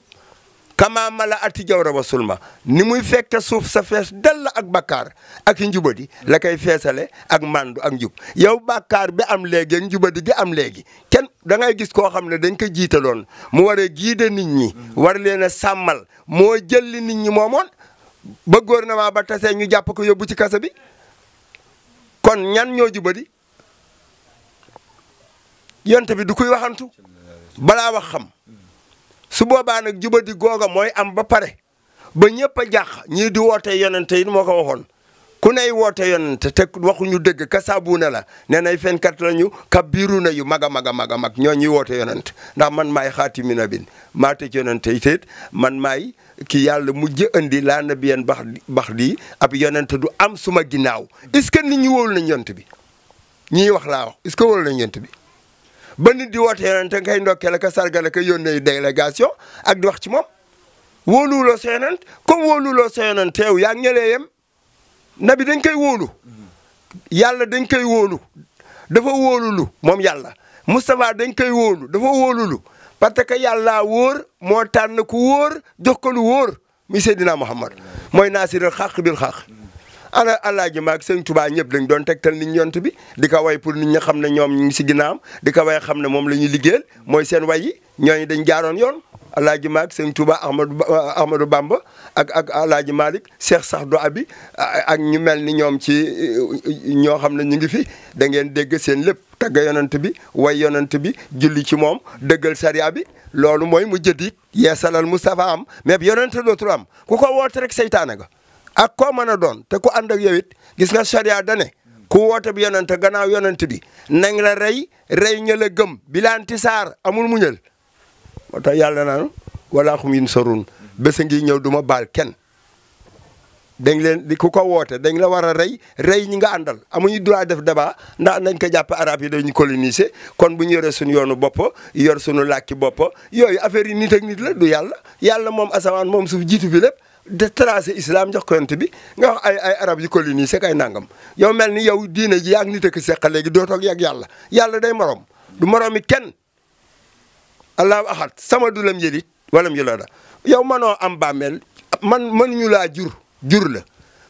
kama mala ati jawra wa sulma ni muy fekk suuf sa fees dalla ak bakkaar ak i njubadi la koy feesale ak mandu ak njub yow bakkaar bi am léegi ak njubadi gi am léegi kenn dangay gis koo xam ne dañ ko jiitaloon mu war a jiite nit ñi war leen a sàmmal moo jël li nit ñi moomoon ba gouvernement ba tasee ñu jàpp ko yóbbu ci kasa bi kon ñan ñoo jubadi yonte bi du koy waxantu balaa wax xam su boobaa nag jubadi googa mooy am ba pare ba ñëpp a jàq ñii di woote yonente yi moo ko waxoon ku ney woote yonente te waxuñu dëgg kasaabuuna la nee nay fenkat la ñu kabiruuna yu mag a mag a mag a mag ñoo ñuy woote yonente ndax man maay xaatimi nabin maa tëj yonente yi teet man may ki yàlla mujj andi laa nabiyan bax bax di ab yonente du am suma ginnaaw est-ce que nit ñi wóolu nañ yonent bi ñii wax laa wax est-ce que wóolu bi ba nit di woote yeneen te ngay ndokkeel ak sargal ak yónnee délégation ak di wax ci moom wóoluwuloo sa yonent comme wóoluwuloo sa yonent teew yaa ñëlee yem nabi dañ koy wóolu yàlla dañ koy wóolu dafa wóolulu moom yàlla Moustapha dañ koy wóolu dafa wóolulu parce que yàlla wóor moo tànn ku wóor jox ko lu wóor muy Seydina Muhammad mooy naasiril xaq bil xaq ana alaji mak seigne touba ñëpp dañ doon tektal nit ñont bi di ko way pour nit ñi xamne ñom ñi ci ginaam si di ko way xamne mom lañuy liggéel moy seen way yi ñoy dañ jaaroon yoon alaji mak seigne touba Ahmadou Ahmadou Bamba ak ak alaji malik Cheikh Saxdu Abi ak ñu melni ñom ci ño xamne ñi ngi fi da ngeen dégg seen lepp tagga yonent bi way yonent bi julli ci mom deugal sharia bi lolu moy mu jëddi yeesalal mustafa am mais yonent do tu am ku ko woote rek seytaane ga ak koo mën a doon te ku ànd ak yow it gis nga charia dane ku woote bi yonent gannaaw yonent bi nang la rey rey ña la gëm bilaanti saar amul muñal moo tax yàlla naan walaa xum yin sarun bés ngi ñëw du ma baal kenn dañ leen di ku ko woote dañ la war a rey rey ñi nga àndal amuñu droit def débat ndax nañ ko jàpp arab yi dañu coloniser kon bu ñu yoree suñu yoonu bopp yor suñu laki bopp yooyu affaire yi nit ak nit la du yàlla yàlla moom asamaan moom suuf jiitu fi lépp de tracé islam jox ko yonent bi nga wax ay arab arab yu colonisé ay nangam yow mel ni yow diine ji yaa ngi nit ak seq léegi dootoo yàgg yàlla yàlla day morom du moromi kenn allahu ahad sama du lam yëlit walam yulada yow mënoo am bàmmeel man mënuñu laa jur jur la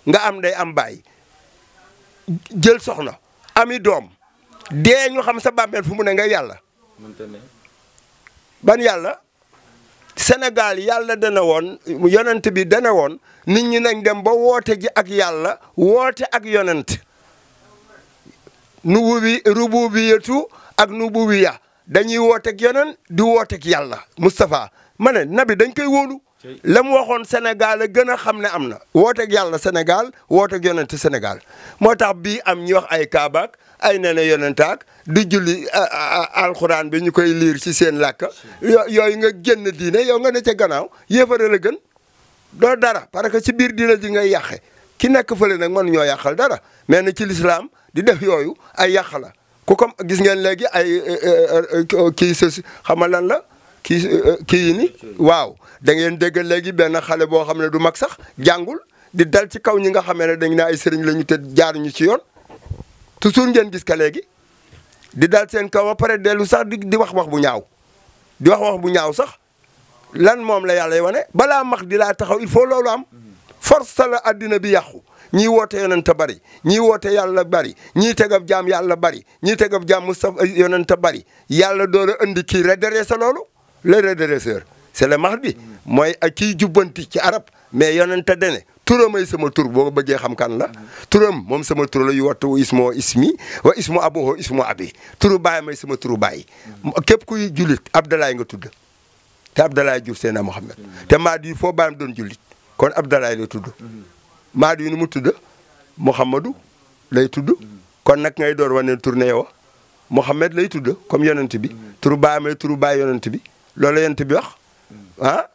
nga am day am baay jël soxna am doom dee ñu xam sa bàmmeel fu mu ne nga yàlla ban yàlla Sénégal yàlla dana woon yonent bi dana woon nit ñi nañ dem ba woote ji ak yàlla woote ak yonent nububi rububiyatu ak nubuwiya dañuy wooteeg yonent di wooteeg yàlla Moustapha ma ne nabi dañ koy wóolu la mu waxoon Sénégal a gën a xam ne am na wooteeg yàlla senegal wooteeg yonent Sénégal moo tax bii am ñuy wax ay kaabaak ay nene yonentaak di julli alxuraan bi ñu koy liir ci seen làkk yooyu nga génn diine yow nga ne ca gannaaw yéefare la gën doo dara parce que ci biir diine ji ngay yàqe ki nekk fële nag mën ñoo yàqal dara mais na ci lislaam di def yooyu ay yàq la ku comme gis ngeen léegi ay e, e, e, kii sa xama lan la kii kii ni waaw da ngeen dégg léegi benn xale boo xam ne du mag sax jàngul di dal ci kaw ñi nga xamee ne dañ ne ay sëriñ la ñu te jaaruñu ci yoon toujours ngeen gis ka léegi di dal seen kaw ba pare dellu sax di di wax wax bu ñaaw di wax wax bu ñaaw sax lan moom la yàlla wane balaa max di laa taxaw il faut loolu am force la addina bi yàqu ñii woote yonent bari ñii woote yàlla bari ñii tegab jaam yàlla bari ñii tegab jaam Moustapha yonent bari yàlla door a indi kii redresser loolu le redresseur c'est le mahdi mooy ak kiy jubbanti ci arab mais yonent dene turamay sama tur boo bëggee xam kan la turam moom sama tur la yu wattu ismo ismi wa ismo abuho ismo abi turu baay may sama tur baay képp kuy jullit Abdalaay nga tudd te Abdalaay Diouf Seydina Mohamed te Maadi yi foo baayam doon jullit kon Abdalaay lay tudd Maadi yi nu mu tudd Mouhamadou lay tudd kon nag ngay door wane tournée yow Mohamed lay tudd comme yonent bi turu baay may turu baay yonent bi loolu la bi wax ah?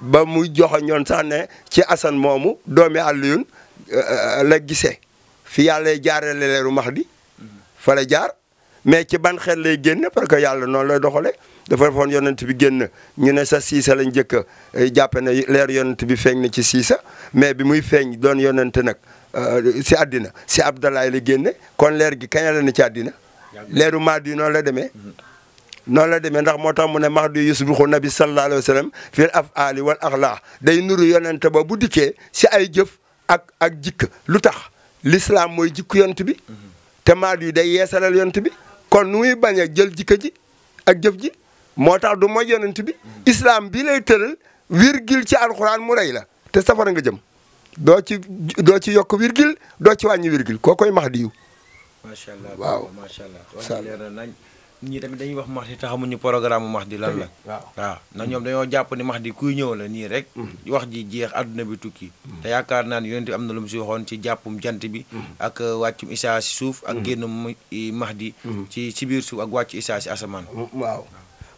ba mu joxoñoon sax ne ci Assane moomu doomi Alioune euh, la gise fi yàlla jaaree leeru Mahdi fa la jaar mais ci ban xel lay génn parce que yàlla noonu lay doxale dafa defoon yonent bi génn ñu ne sa siisa lañ njëkk a euh, jàppe leer yonent bi feeñ na ci siisa mais bi muy feeñ doon yonent nag euh, si àddina si Abdalaay la génne kon leer gi kañ na ci àddina leeru Mahdi noonu la demee mm-hmm. noonu la demee ndax moo tax mu ne mahdi yusbihu nabi sallallahu alayhi wa sallam fil af'ali wal axlaax day nuru yonente ba bu dikkee si ay jëf ak ak jikk lu tax l'islam mooy jikku yont bi te mahdi yi day yeesalal yont bi kon nu muy bañ a jël jikka ji ak jëf ji moo tax du mooy yonent bi islam bi lay tëral virgule ci alxuraan mu rey la te safara nga jëm doo ci doo ci yokk virgule doo ci wàññi virgule koo koy mahdi yu macha allah waaw macha allah ñii tamit dañuy wax Mahdi te xamuñu programme mu Mahdi lan la. waaw na ñoom dañoo jàpp ni max di kuy ñëw la nii rek. Mm-hmm. wax ji jeex àdduna bi tukki. Mm-hmm. te yaakaar naa ne bi am na lu mu si waxoon ci jàppum jant bi. Mm-hmm. ak uh, wàccum Isaa si suuf. ak génnum Mahdi. ci ci biir suuf ak wàccu Isaa si asamaan. waaw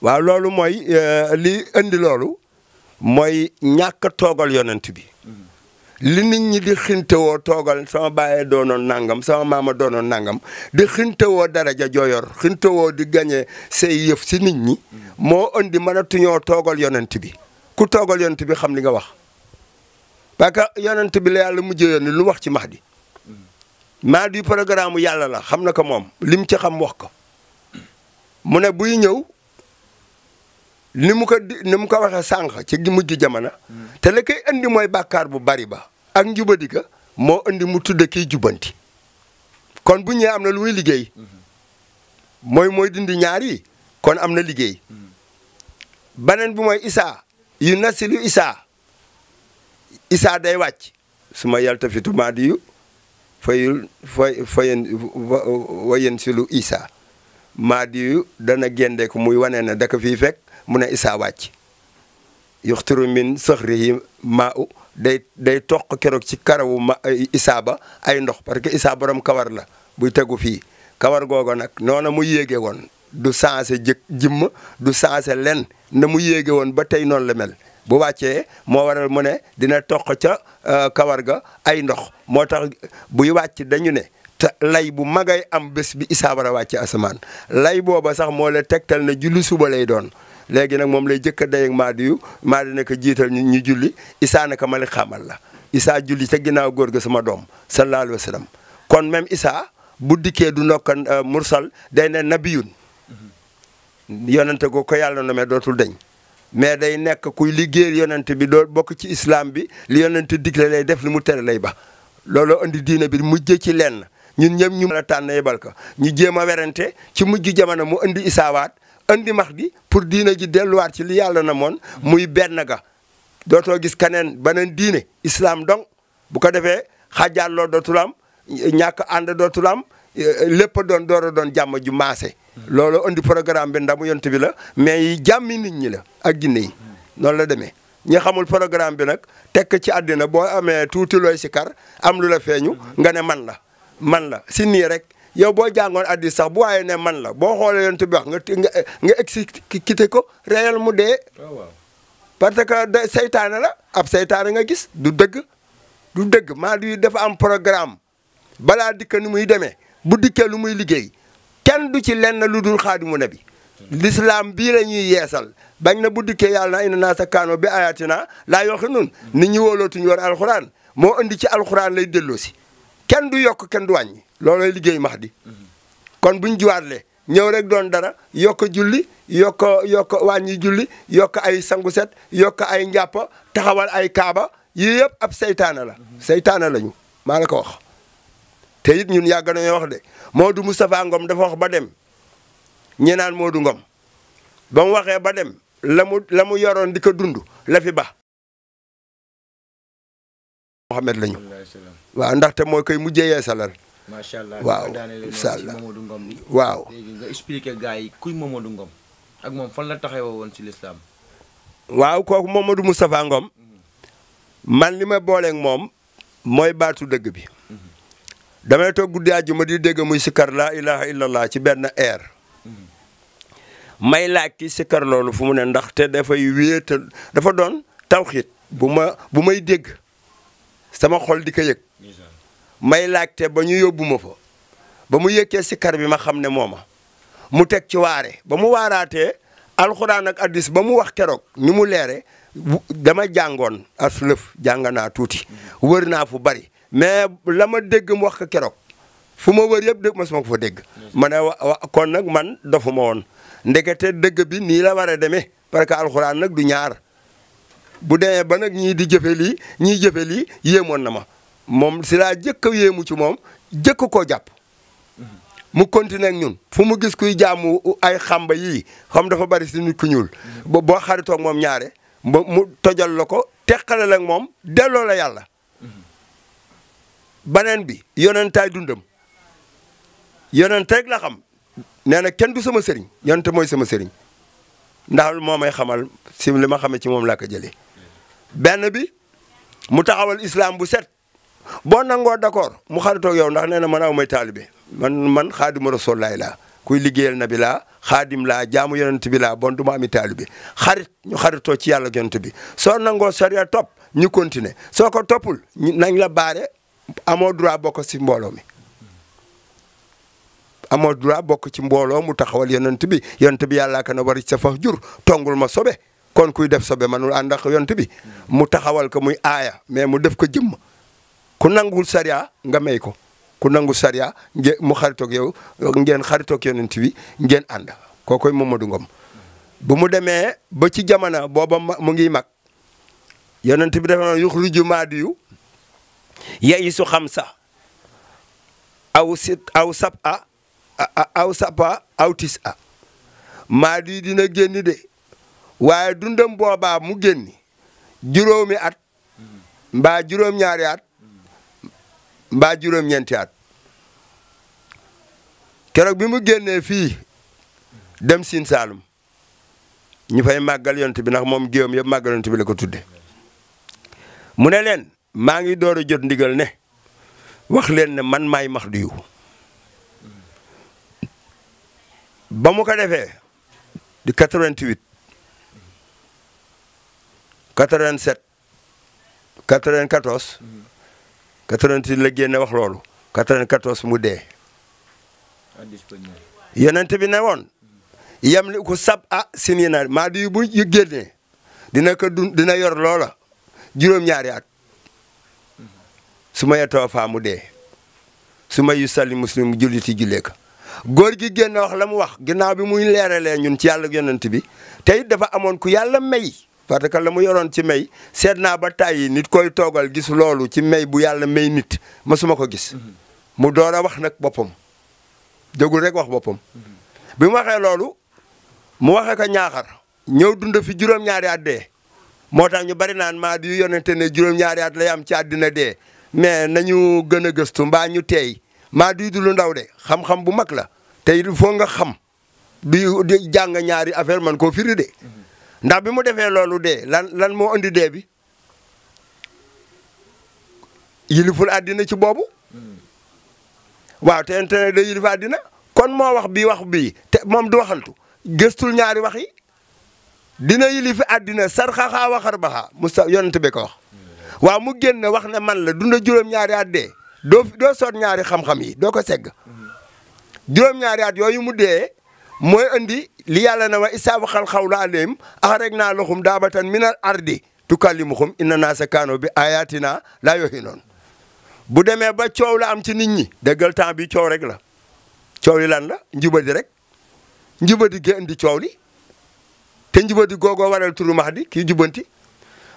waaw loolu mooy uh, li indi loolu. mooy ñàkk toogal yonent bi. li nit ñi di xintewoo toogal sama baayee doonoon nangam sama maama doonoon nangam di xintewoo daraja jooyor xintewoo di gañe say yëf si nit ñi moo indi mënatuñoo toogal yonent bi ku toogal yonent bi xam li nga wax parce que yonent bi la yàlla mujjee yoon lu wax ci Mahdi Mahdi programme yàlla la xam na ko moom lim ci xam wax ko mu ne buy ñëw ni mu ko di ni mu ko waxee sànq ci mujj jamono te la indi mooy bàkkaar bu bari ba ak njubadi ga moo indi mu tudde kiy jubanti kon bu ñëwee am na lu muy liggéey mooy mooy dindi ñaari kon am na liggéey beneen bi mooy isaa yu nasilu isaa isaa day wàcc su ma yàlta fitu maa di yu fayul fay fayen wayen silu isaa maa di yu dana muy wane ne daka fii fekk mu ne isaa wàcc yuxtiru min soxrihi maa day day toq keroog ci karawu ma isaaba ay ndox parce que isaa borom kawar la buy tegu fii kawar googo nag noona mu yéege woon du sensé jëkk jëmm du sensé len na mu yéege woon ba tey noonu la mel bu wàccee moo waral mu ne dina toq ca euh, kawar ga ay ndox moo tax buy wàcc dañu ne te lay bu magay am bés bi isaa war a asamaan lay booba sax moo la tegtal ne julli suba lay doon léegi nag moom lay jëkk a day ak maadi yu maadi ne ko jiital ñu julli isaa naka mali xamal la isaa julli te ginnaaw góor ga sama doom sallallahu alayhi kon même isaa bu dikkee du nokka euh, mursal day ne nabiyun yonente ko ko yàlla nomee dootul dañ mais day nekk kuy liggéeyal yonente bi doo bokk ci islaam bi li yonente digle lay def li mu tere lay ba looloo indi diina bi mujj ci lenn ñun ñëpp ñu mën a tànn yebal ko ñu jéem a werante ci mujj jamono mu indi isaawaat andi Mahdi pour diine ji delluwaat ci li yàlla na moon muy benn ga dootoo gis keneen beneen diine islam dong bu ko defee xaajalloo dootul am ñàkk ànd dootul am lépp doon door a doon jàmm ju maase. loolu andi programme bi ndamu yont bi la mais jàmmi nit ñi la ak ginne yi noonu la demee ñi xamul programme bi nag tekk ci àddina boo amee tuuti looy si kar am lu la feeñu nga ne man la man la si nii rek yow boo jàngoon addis sax bu waaye ne man la boo xoolee yonent bi wax nga nga nga exécuté ko réel mu dee. Oh, parce que seytaane la ab seytaane nga gis du dëgg. du dëgg maa yi dafa am programme balaa dikk nu muy demee bu dikkee lu muy liggéey kenn du ci lenn lu dul xaadimu nabi l'islam bii la ñuy yeesal bañ na bu dikkee yàlla na ina naa sa kaano bi ayatina laa yoxi ni nit ñi wóolootuñu war alxuraan moo indi ci alxuraan lay delloo si kenn du yokk kenn du wàññi loolooy liggéey Mahdi kon buñ jiwaatlee ñew rek doon dara yokk julli yokk yokk wañi julli yokk ay sangu set yokk ay njappa taxawal ay kaaba yii yëpp ab seytaane la seytaane la ñu la ko wax te yit ñun yag nañu wax de Modou Moustapha Ngom dafa wax ba dem ñi naan Modou Ngom ba mu ba dem lamu lamu yoron diko dundu di ko la fi ba Mohamed la wa ndax te moy koy mujjee yeesalal macha allah waaw incha allah Mamadou Ngom ni waaw ak moom fan la taxawoo woon ci lislaam waaw kooku Mamadou Moustapha Ngom mhm. man li ma booleek moom mooy baatu dëgg bi mhm. damay toog guddi ma di dégg muy sikkar laa ilaha illallah ci benn air mhm. may laaj ki sikkar loolu fu mu ne ndaxte dafay wéetal dafa doon tawxiit bu ma bu may dégg sama xol di ko yëg may laajte ba ñu yóbbu ma fa ba mu yëkkee sikar bi ma xam ne mooma mu teg ci waare ba mu waaraatee alxuraan ak addis ba mu wax keroog ni mu leere dama jàngoon as lëf jàng naa tuuti wër naa fu bari mais la ma dégg mu wax ko keroog fu ma wër yëpp dégg ma suma ko fa dégg ma ne wa kon nag man dofuma woon ndekete dëgg bi nii la war a demee parce que alxuraan nag du ñaar bu demee ba nag ñii di jëfe lii ñii jëfe lii yéemoon na ma moom si laa jëkk a yéemu ci moom jëkk koo jàpp mu ñun fu mu gis kuy jaamu ay xamba yii xam dafa bari si nit ku boo xaritoog moom ñaare ba mu tojal la ko teqale moom delloo la yàlla baneen bi yonentaay dundam yonent rek la xam nee na kenn du sama sëriñ yonent mooy sama sëriñ ndax moo may xamal si li ma xamee ci moom laa ko jëlee benn bu set boo nangoo d'accord mu xaritoo yow ndax nee na man aw may taalibe man man xaadimu rasul laay laa kuy liggéeyal na bi laa xaadim laa jaamu yonent bi laa bon du ma ami taalibe ñu xaritoo ci yàlla yonent bi soo nangoo sariya topp ñu continuer soo ko toppul nañ la baare amoo droit bokk ci mbooloo mi amoo droit bokk ci mbooloo mu taxawal yonent bi yonent bi yàllaa ka na war sa fax jur tongul ma sobe kon kuy def sobe manul ànd ak yonent bi mu taxawal ko muy aaya mais mu def ko jëmm ku nanguwul sariya nga may ko ku nangu sariya ngeen mu xaritoog yow ngeen xaritoog yonent bi ngeen ànd kookoy Mamadou Ngom bu mu demee ba ci jamono booba mu ngi mag yonent bi dafa yuxruju maadiyu yaisu xamsa aw sit aw sab aw aw tis a maadiyu dina génn de waaye dundam boobaa mu génni juróomi at mbaa juróom-ñaari at mbaa juróom-ñeenti at keroog bi mu génnee fii dem Sine Saalum ñu fay màggal yont bi ndax moom géewam yëpp màggal yont bi la ko tudde mu ne leen maa ngi door jot ndigal ne wax leen ne man maay max diyu ba mu ko defee di 88 87 94 88 la génne wax loolu 94 mu dee yonent bi ne woon yam li ku sab ah sini na yu bu yu génnee dina ko dun dina yor loola juróom-ñaari at su ma yetoo faa mu dee su ma yu salli muslim julliti jullee ko góor gi génn wax la mu wax ginnaaw bi muy leeralee ñun ci yàlla yonent bi te dafa amoon ku yàlla may parce que la mu yoroon ci may seet naa ba tàyyi nit koy toogal gis loolu ci may bu yàlla may nit mësuma ko gis mu door a wax nag boppam jógul rek wax boppam bi mu waxee loolu mu waxee ko ñaaxar ñëw dund fi juróom-ñaari at dee moo tax ñu bari naan maa di yonente ne juróom-ñaari at lay am ci àddina dee mais nañu gën a gëstu mbaa ñu teey maa di du lu ndaw de xam-xam bu mag la te il faut nga xam di jàng ñaari affaire man koo firi de ndax bi mu defee loolu dee lan lan moo indi dee bi yiliful àddina ci boobu hmm. waaw te internet da yilif àddina kon moo wax bi wax bii te moom du waxantu gëstul ñaari wax yi dina yilifi àddina sarxaxaa waxar baxaa musta yonent bi ko wax hmm. waaw mu génn wax ne man la dunda juróom-ñaari at dee soot ñaari xam-xam yi doo ko segg hmm. juróom-ñaari at yooyu mu dee mooy andi li yàlla na wa isaabaxal xawla aleyhim axraj naa lahum daabatan minal ardi tukali tukallimuhum inna naasa kaano bi ayatina laa yu'minuun bu demee ba coow la am ci nit ñi dëggal bi coow rek la coow li lan la njubadi rek njubadi gi indi coow li te njubadi googoo waral turu Mahdi kii jubanti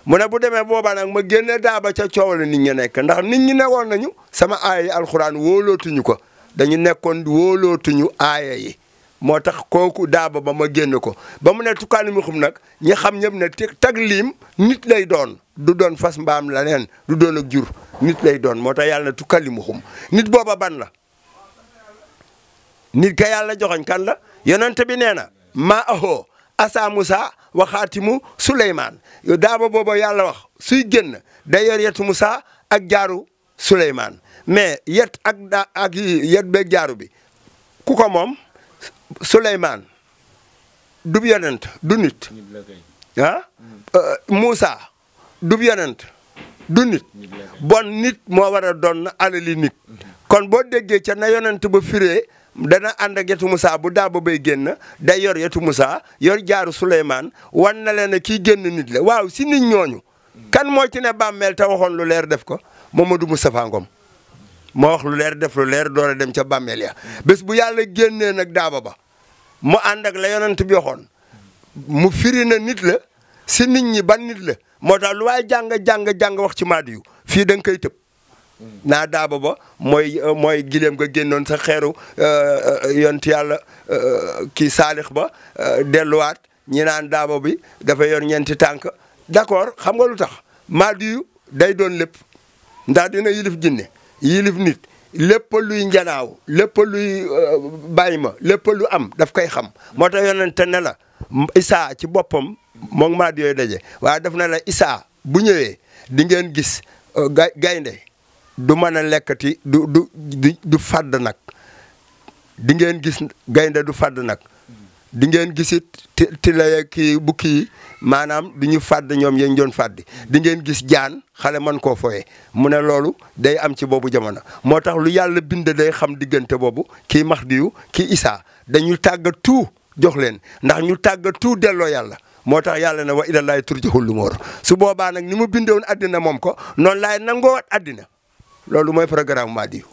mu ne bu demee booba nag ma génne daaba ca coow la nit ñi nekk ndax nit ñi newoon nañu sama aaya yi alxuraan wóolootuñu ko dañu nekkoon wóolootuñu aaya yi moo tax kooku daaba ba ma génn ko ba mu ne tukkaani mu xum nag ñi xam ñëpp ne tagliim nit lay doon du doon fas mbaam la neen doon ak jur nit lay doon moo tax yàlla ne tukkaani nit booba ban la nit ka yàlla joxoñ kan la yonent bi nee na maa ahoo asa Musa waxaatimu Suleymaan daaba booba yàlla wax suy génn day yor yetu Musa ak jaaru Suleymaan mais yet ak daa ak yet beeg jaaru bi ku ko moom Souleymane dub yonent du nit ah Moussa dub yonent du nit bon nit moo war doon alali nit mm-hmm. kon boo déggee ca na yonent ba firee dana ànd ak yetu Moussa bu daa ba bay génn day yor yetu Moussa yor jaaru Souleymane wan na leen ne kii génn nit la waaw si nit ñooñu mm. kan moo ci ne bàmmeel te waxoon lu leer def ko Mamadou Moustapha Ngom moo wax lu leer def lu leer door a dem ca bàmmeel ya bés bu yàlla génnee nag daaba ba mu ànd ak la yonent bi waxoon mu firi na nit la si nit ñi ban nit la moo tax lu waay jàng jàng jàng wax ci maadu yu fii da nga koy tëb naa daaba ba mooy mooy gileem nga génnoon sa xeeru euh, euh, yonent yàlla euh, kii saalix ba delluwaat ñi naan daaba bi dafa yor ñeenti tànk d'accord xam nga lu tax maadu yu day doon lépp ndax dina yilif jinne yilif nit lépp luy njanaaw lépp luy euh, bàyyi ma lépp lu am daf koy xam moo tax yonente ne la isaa ci boppam moom maat yooyu daje waaye daf na la isaa bu ñëwee di ngeen gis euh, gaynde du mën a lekkati du du du fàdd nag di ngeen gis gaynde du fàdd nag di ngeen gisit ti tilay kii bukki yi maanaam du ñu fàdd ñoom yéen doon fàdd di ngeen gis jaan xale man koo fooye mu ne loolu day am ci boobu jamono moo tax lu yàlla bind day xam diggante boobu kii Maxdiyu kii Isaa dañu tàggat tout jox leen ndax ñu tàggat tu delloo yàlla moo tax yàlla na wa ilallaahi turjaxul umuur su boobaa nag ni mu bindoon addina moom ko noonu laay nangoowat àddina loolu mooy programme Mahdiyu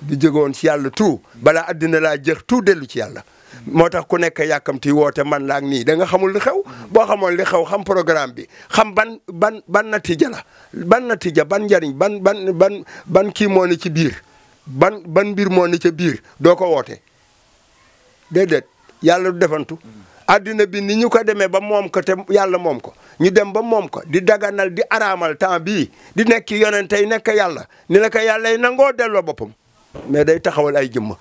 di jógoon ci yàlla tout balaa àddina laa jeex tout dellu ci yàlla moo tax ku nekk yàkkamti woote man laak nii danga xamul li xew boo xamoon li xew xam programme bi xam ban ban ban natija la ban natija ban njariñ ban ban ban ban kii moo ne ci biir ban ban mbir moo ne ca biir doo ko woote déedéet yàlla du defantu addina bi ni ñu ko demee ba moom ko te yàlla moom ko ñu dem ba moom ko di daganal di araamal temps bii di nekk yonent yi nekk yàlla ni la ko yàlla yi nangoo delloo boppam mais day taxawal ay jëmma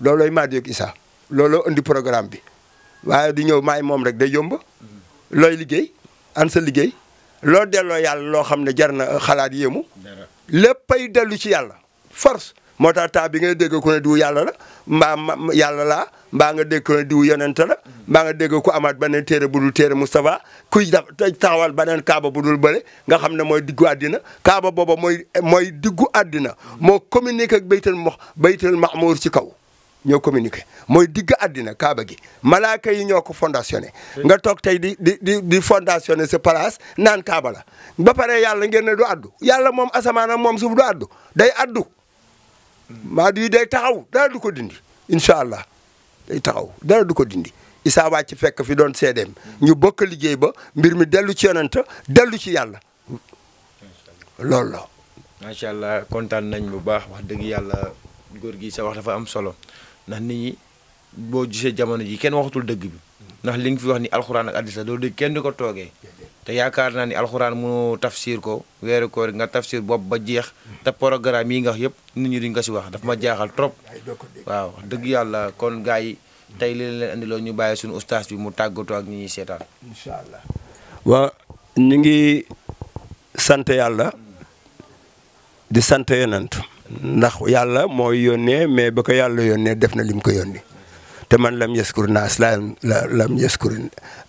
loolooy Maadi ak Isa looloo indi programme bi waaye du ñëw maay moom rek day yomb looy liggéey an sa liggéey loo delloo yàlla loo xam ne jar na xalaat yéemu léppay dellu ci yàlla force moo tax taa bi ngay dégg ko ne diw yàlla la mbaa yàlla laa mbaa nga dégg ko ne diw yonente la mbaa nga dégg ko amaat beneen téere bu dul téere Moustapha kuy daf taxawal beneen kaaba bu dul bële nga xam ne mooy diggu àddina kaaba booba mooy mooy diggu àddina moo communiqué ak baytal mo baytal mahmour ci kaw ñoo communiqué mooy digg àddina kaaba gi malaaka yi ñoo ko fondationné nga toog tey di di di di fondationné sa place naan kaaba ba pare yàlla ngeen ne du addu yàlla moom asamaanam moom suuf du addu day addu maa di day taxaw dara du ko dindi incha allah taxaw dara du ko dindi isaa wàcc fekk fi doon seedeem ñu bokk liggéey ba mbir mi dellu ci yonent dallu ci yàlla loolu la macha allah kontaan nañ bu baax wax dëgg yàlla góor gi sa wax dafa am solo ndax nit ñi boo gisee jamono ji kenn waxatul dëgg bi ndax li nga fi wax ni alxuraan ak addis la loolu kenn di ko toogee te yaakaar naa ni alxuraan mënoo tafsir ko weeru ko nga tafsir bopp ba jeex te programme yi nga wax yëpp nit ñi duñ ko si wax dafa ma jaaxal trop waaw dëgg yàlla kon gars yi tey li leen andiloo ñu bàyyi suñu bi mu tàggatoo ak ñi seetaan allah waa ñu ngi sant yàlla di sant yonent ndax yàlla mooy yónnee mais ba yàlla yónnee def na lim ko yónni te man lam yaskur naas la lam yaskur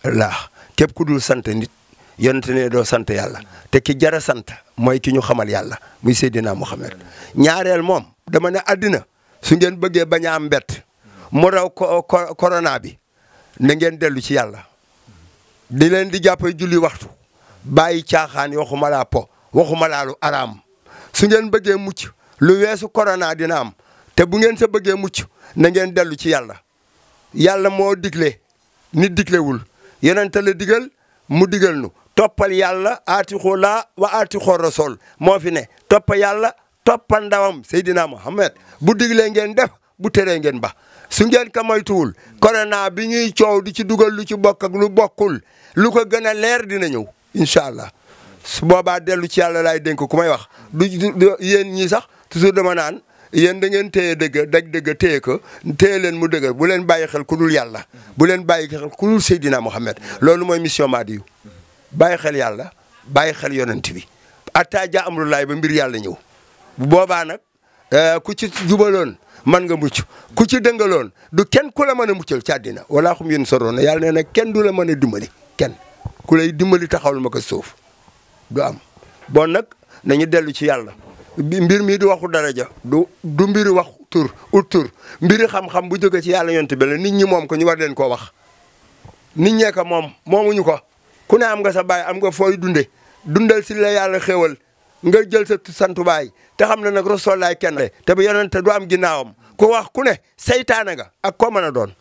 laax képp ku dul sant nit yonent ne doo sant yàlla te ki jara sant mooy ki ñu xamal yàlla muy Seydina Muhammad ñaareel moom dama ne àddina su ngeen bëggee bañ a am mbett mu raw ko corona bi na ngeen dellu ci yàlla di leen di jàppee julli waxtu bàyyi caaxaan waxuma laa po waxuma araam su ngeen bëggee mucc lu weesu corona dina am te bu ngeen sa bëggee mucc na ngeen dellu ci yàlla yàlla moo digle nit diglewul yonente la digal mu digal nu toppal yàlla ati xoo laa wa aati xoo rasool moo fi ne toppa yàlla toppal ndawam Seydina Mohamed bu diglee ngeen def bu teree ngeen ba su ngeen ko moytuwul corona bi ñuy coow di ci dugal lu ci bokk ak lu bokkul lu ko gën a leer dina ñëw incha allah su boobaa dellu ci yàlla lay dénk ku may wax du yéen toujours dama naan yéen da ngeen téye dëgg daj dëgg téye ko téye leen mu dëgg bu leen bàyyi xel ku dul yàlla bu leen bàyyi xel ku dul Seydina Mohamed loolu mooy mission Madiou bàyyi xel yàlla bàyyi xel yonent bi atta ja amrulaay ba mbir yàlla ñëw bu boobaa nag eh, ku ci jubaloon man nga mucc ku ci dëngaloon du kenn ku la mën a muccal ci àddina wala xum yéen soroon na yàlla nee na kenn du la mën a dimbali kenn ku lay dimbali taxawul ma ko suuf du am bon nag nañu dellu ci yàlla mbir mii di waxu daraja du du mbiri wax tur ut tur mbiri xam-xam bu jóge ci yàlla yonent bi nit ñi moom ko ñu war leen koo wax nit ñee ko moom moomuñu ko ku ne am nga sa baay am nga fooy dunde dundal si la yàlla xéwal nga jël sa santu baay te xam ne nag Rasuul laay kenn te bu yonent du am ginnaawam ko wax ku ne seytaane nga ak koo mën a doon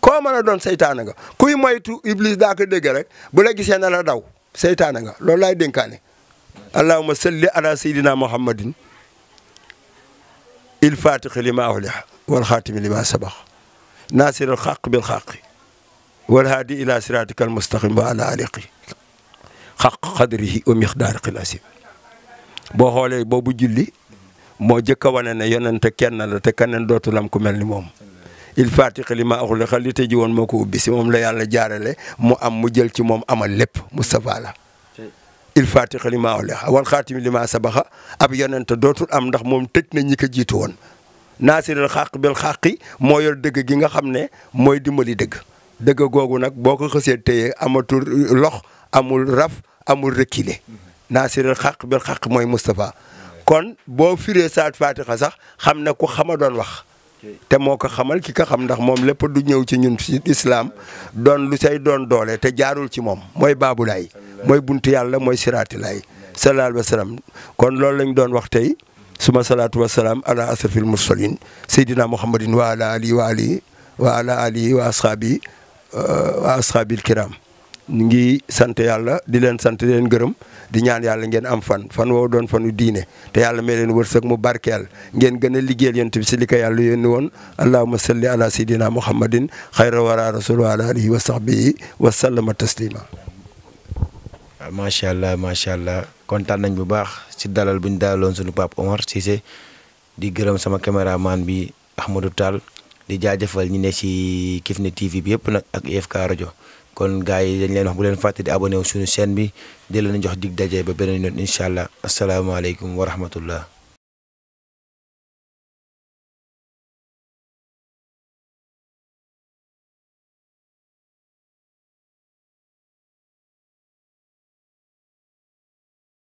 koo mën a doon seytaane nga kuy moytu Iblis daa ko dégg rek bu la gisee na la daw seytaane nga loolu laay dénkaane اللهم صل على سيدنا محمد الفاتح لما أولح والخاتم لما سبق ناصر الخاق بالخاق والهادي إلى صراطك المستقيم وعلى عليقي خاق قدره ومقدار قلاسه بوخولي بوبو جولي مو جيكا وانا يوننت كين لا تكنن دوتو لام كو ملني موم الفاتح لما أولح لي تجي مكو بيسي موم لا يالا جارالي مو ام مو جيل سي موم امال لب مصطفى الله الفاتحه لما اولها والخاتم لما سبقها ابي ينن تدور ام دخ موم تك نيك جيتون ناصر الحق بالحق مويور دغ كيغا خامني موي ديمبلي دغ دغ غوغو نك بوكو خسيت تي اماتور لوخ امول راف امول ركيلي ناصر الحق بالحق موي مصطفى كون بو فيري سات فاتحه صح خامنا كو خما دون واخ te moo ko xamal ki ko xam ndax moom lépp du ñëw ci ñun ci islaam doon lu say doon doole te jaarul ci moom mooy baabulaay mooy buntu yàlla mooy siraati laay sallallahu alayhi kon loolu lañ doon wax tey suma salaatu wa salaam ala asrafil mursalin sayyidina muhammadin wa ala alihi wa alihi wa ala alihi wa ashaabi wa ashaabil kiram ñu ngi sant yàlla di leen sant di leen gërëm di ñaan yàlla ngeen am fan fan woo doon fanu diine te yàlla may leen wërsëg mu barkeel ngeen gën a liggéeyal yonent bi si li ko yàlla yónni woon allahumma salli ala sayyidina muhammadin xayra wara rasul wa ala alihi wa sahbihi wa sallama taslima ah, macha allah macha allah kontaan nañ bu baax si dalal bu ñu dalaloon suñu Pape Omar Cissé di gërëm sama caméraman bi Ahmadou Tall di jaajëfal ñi ne si Kifne TV bi yëpp nag ak IFK rajo kon gars yi dañ leen wax bu leen fàtte di abonné wu suñu bi di leen jox dig daje ba beneen yoon incha allah asalaamaaleykum wa rahmatullah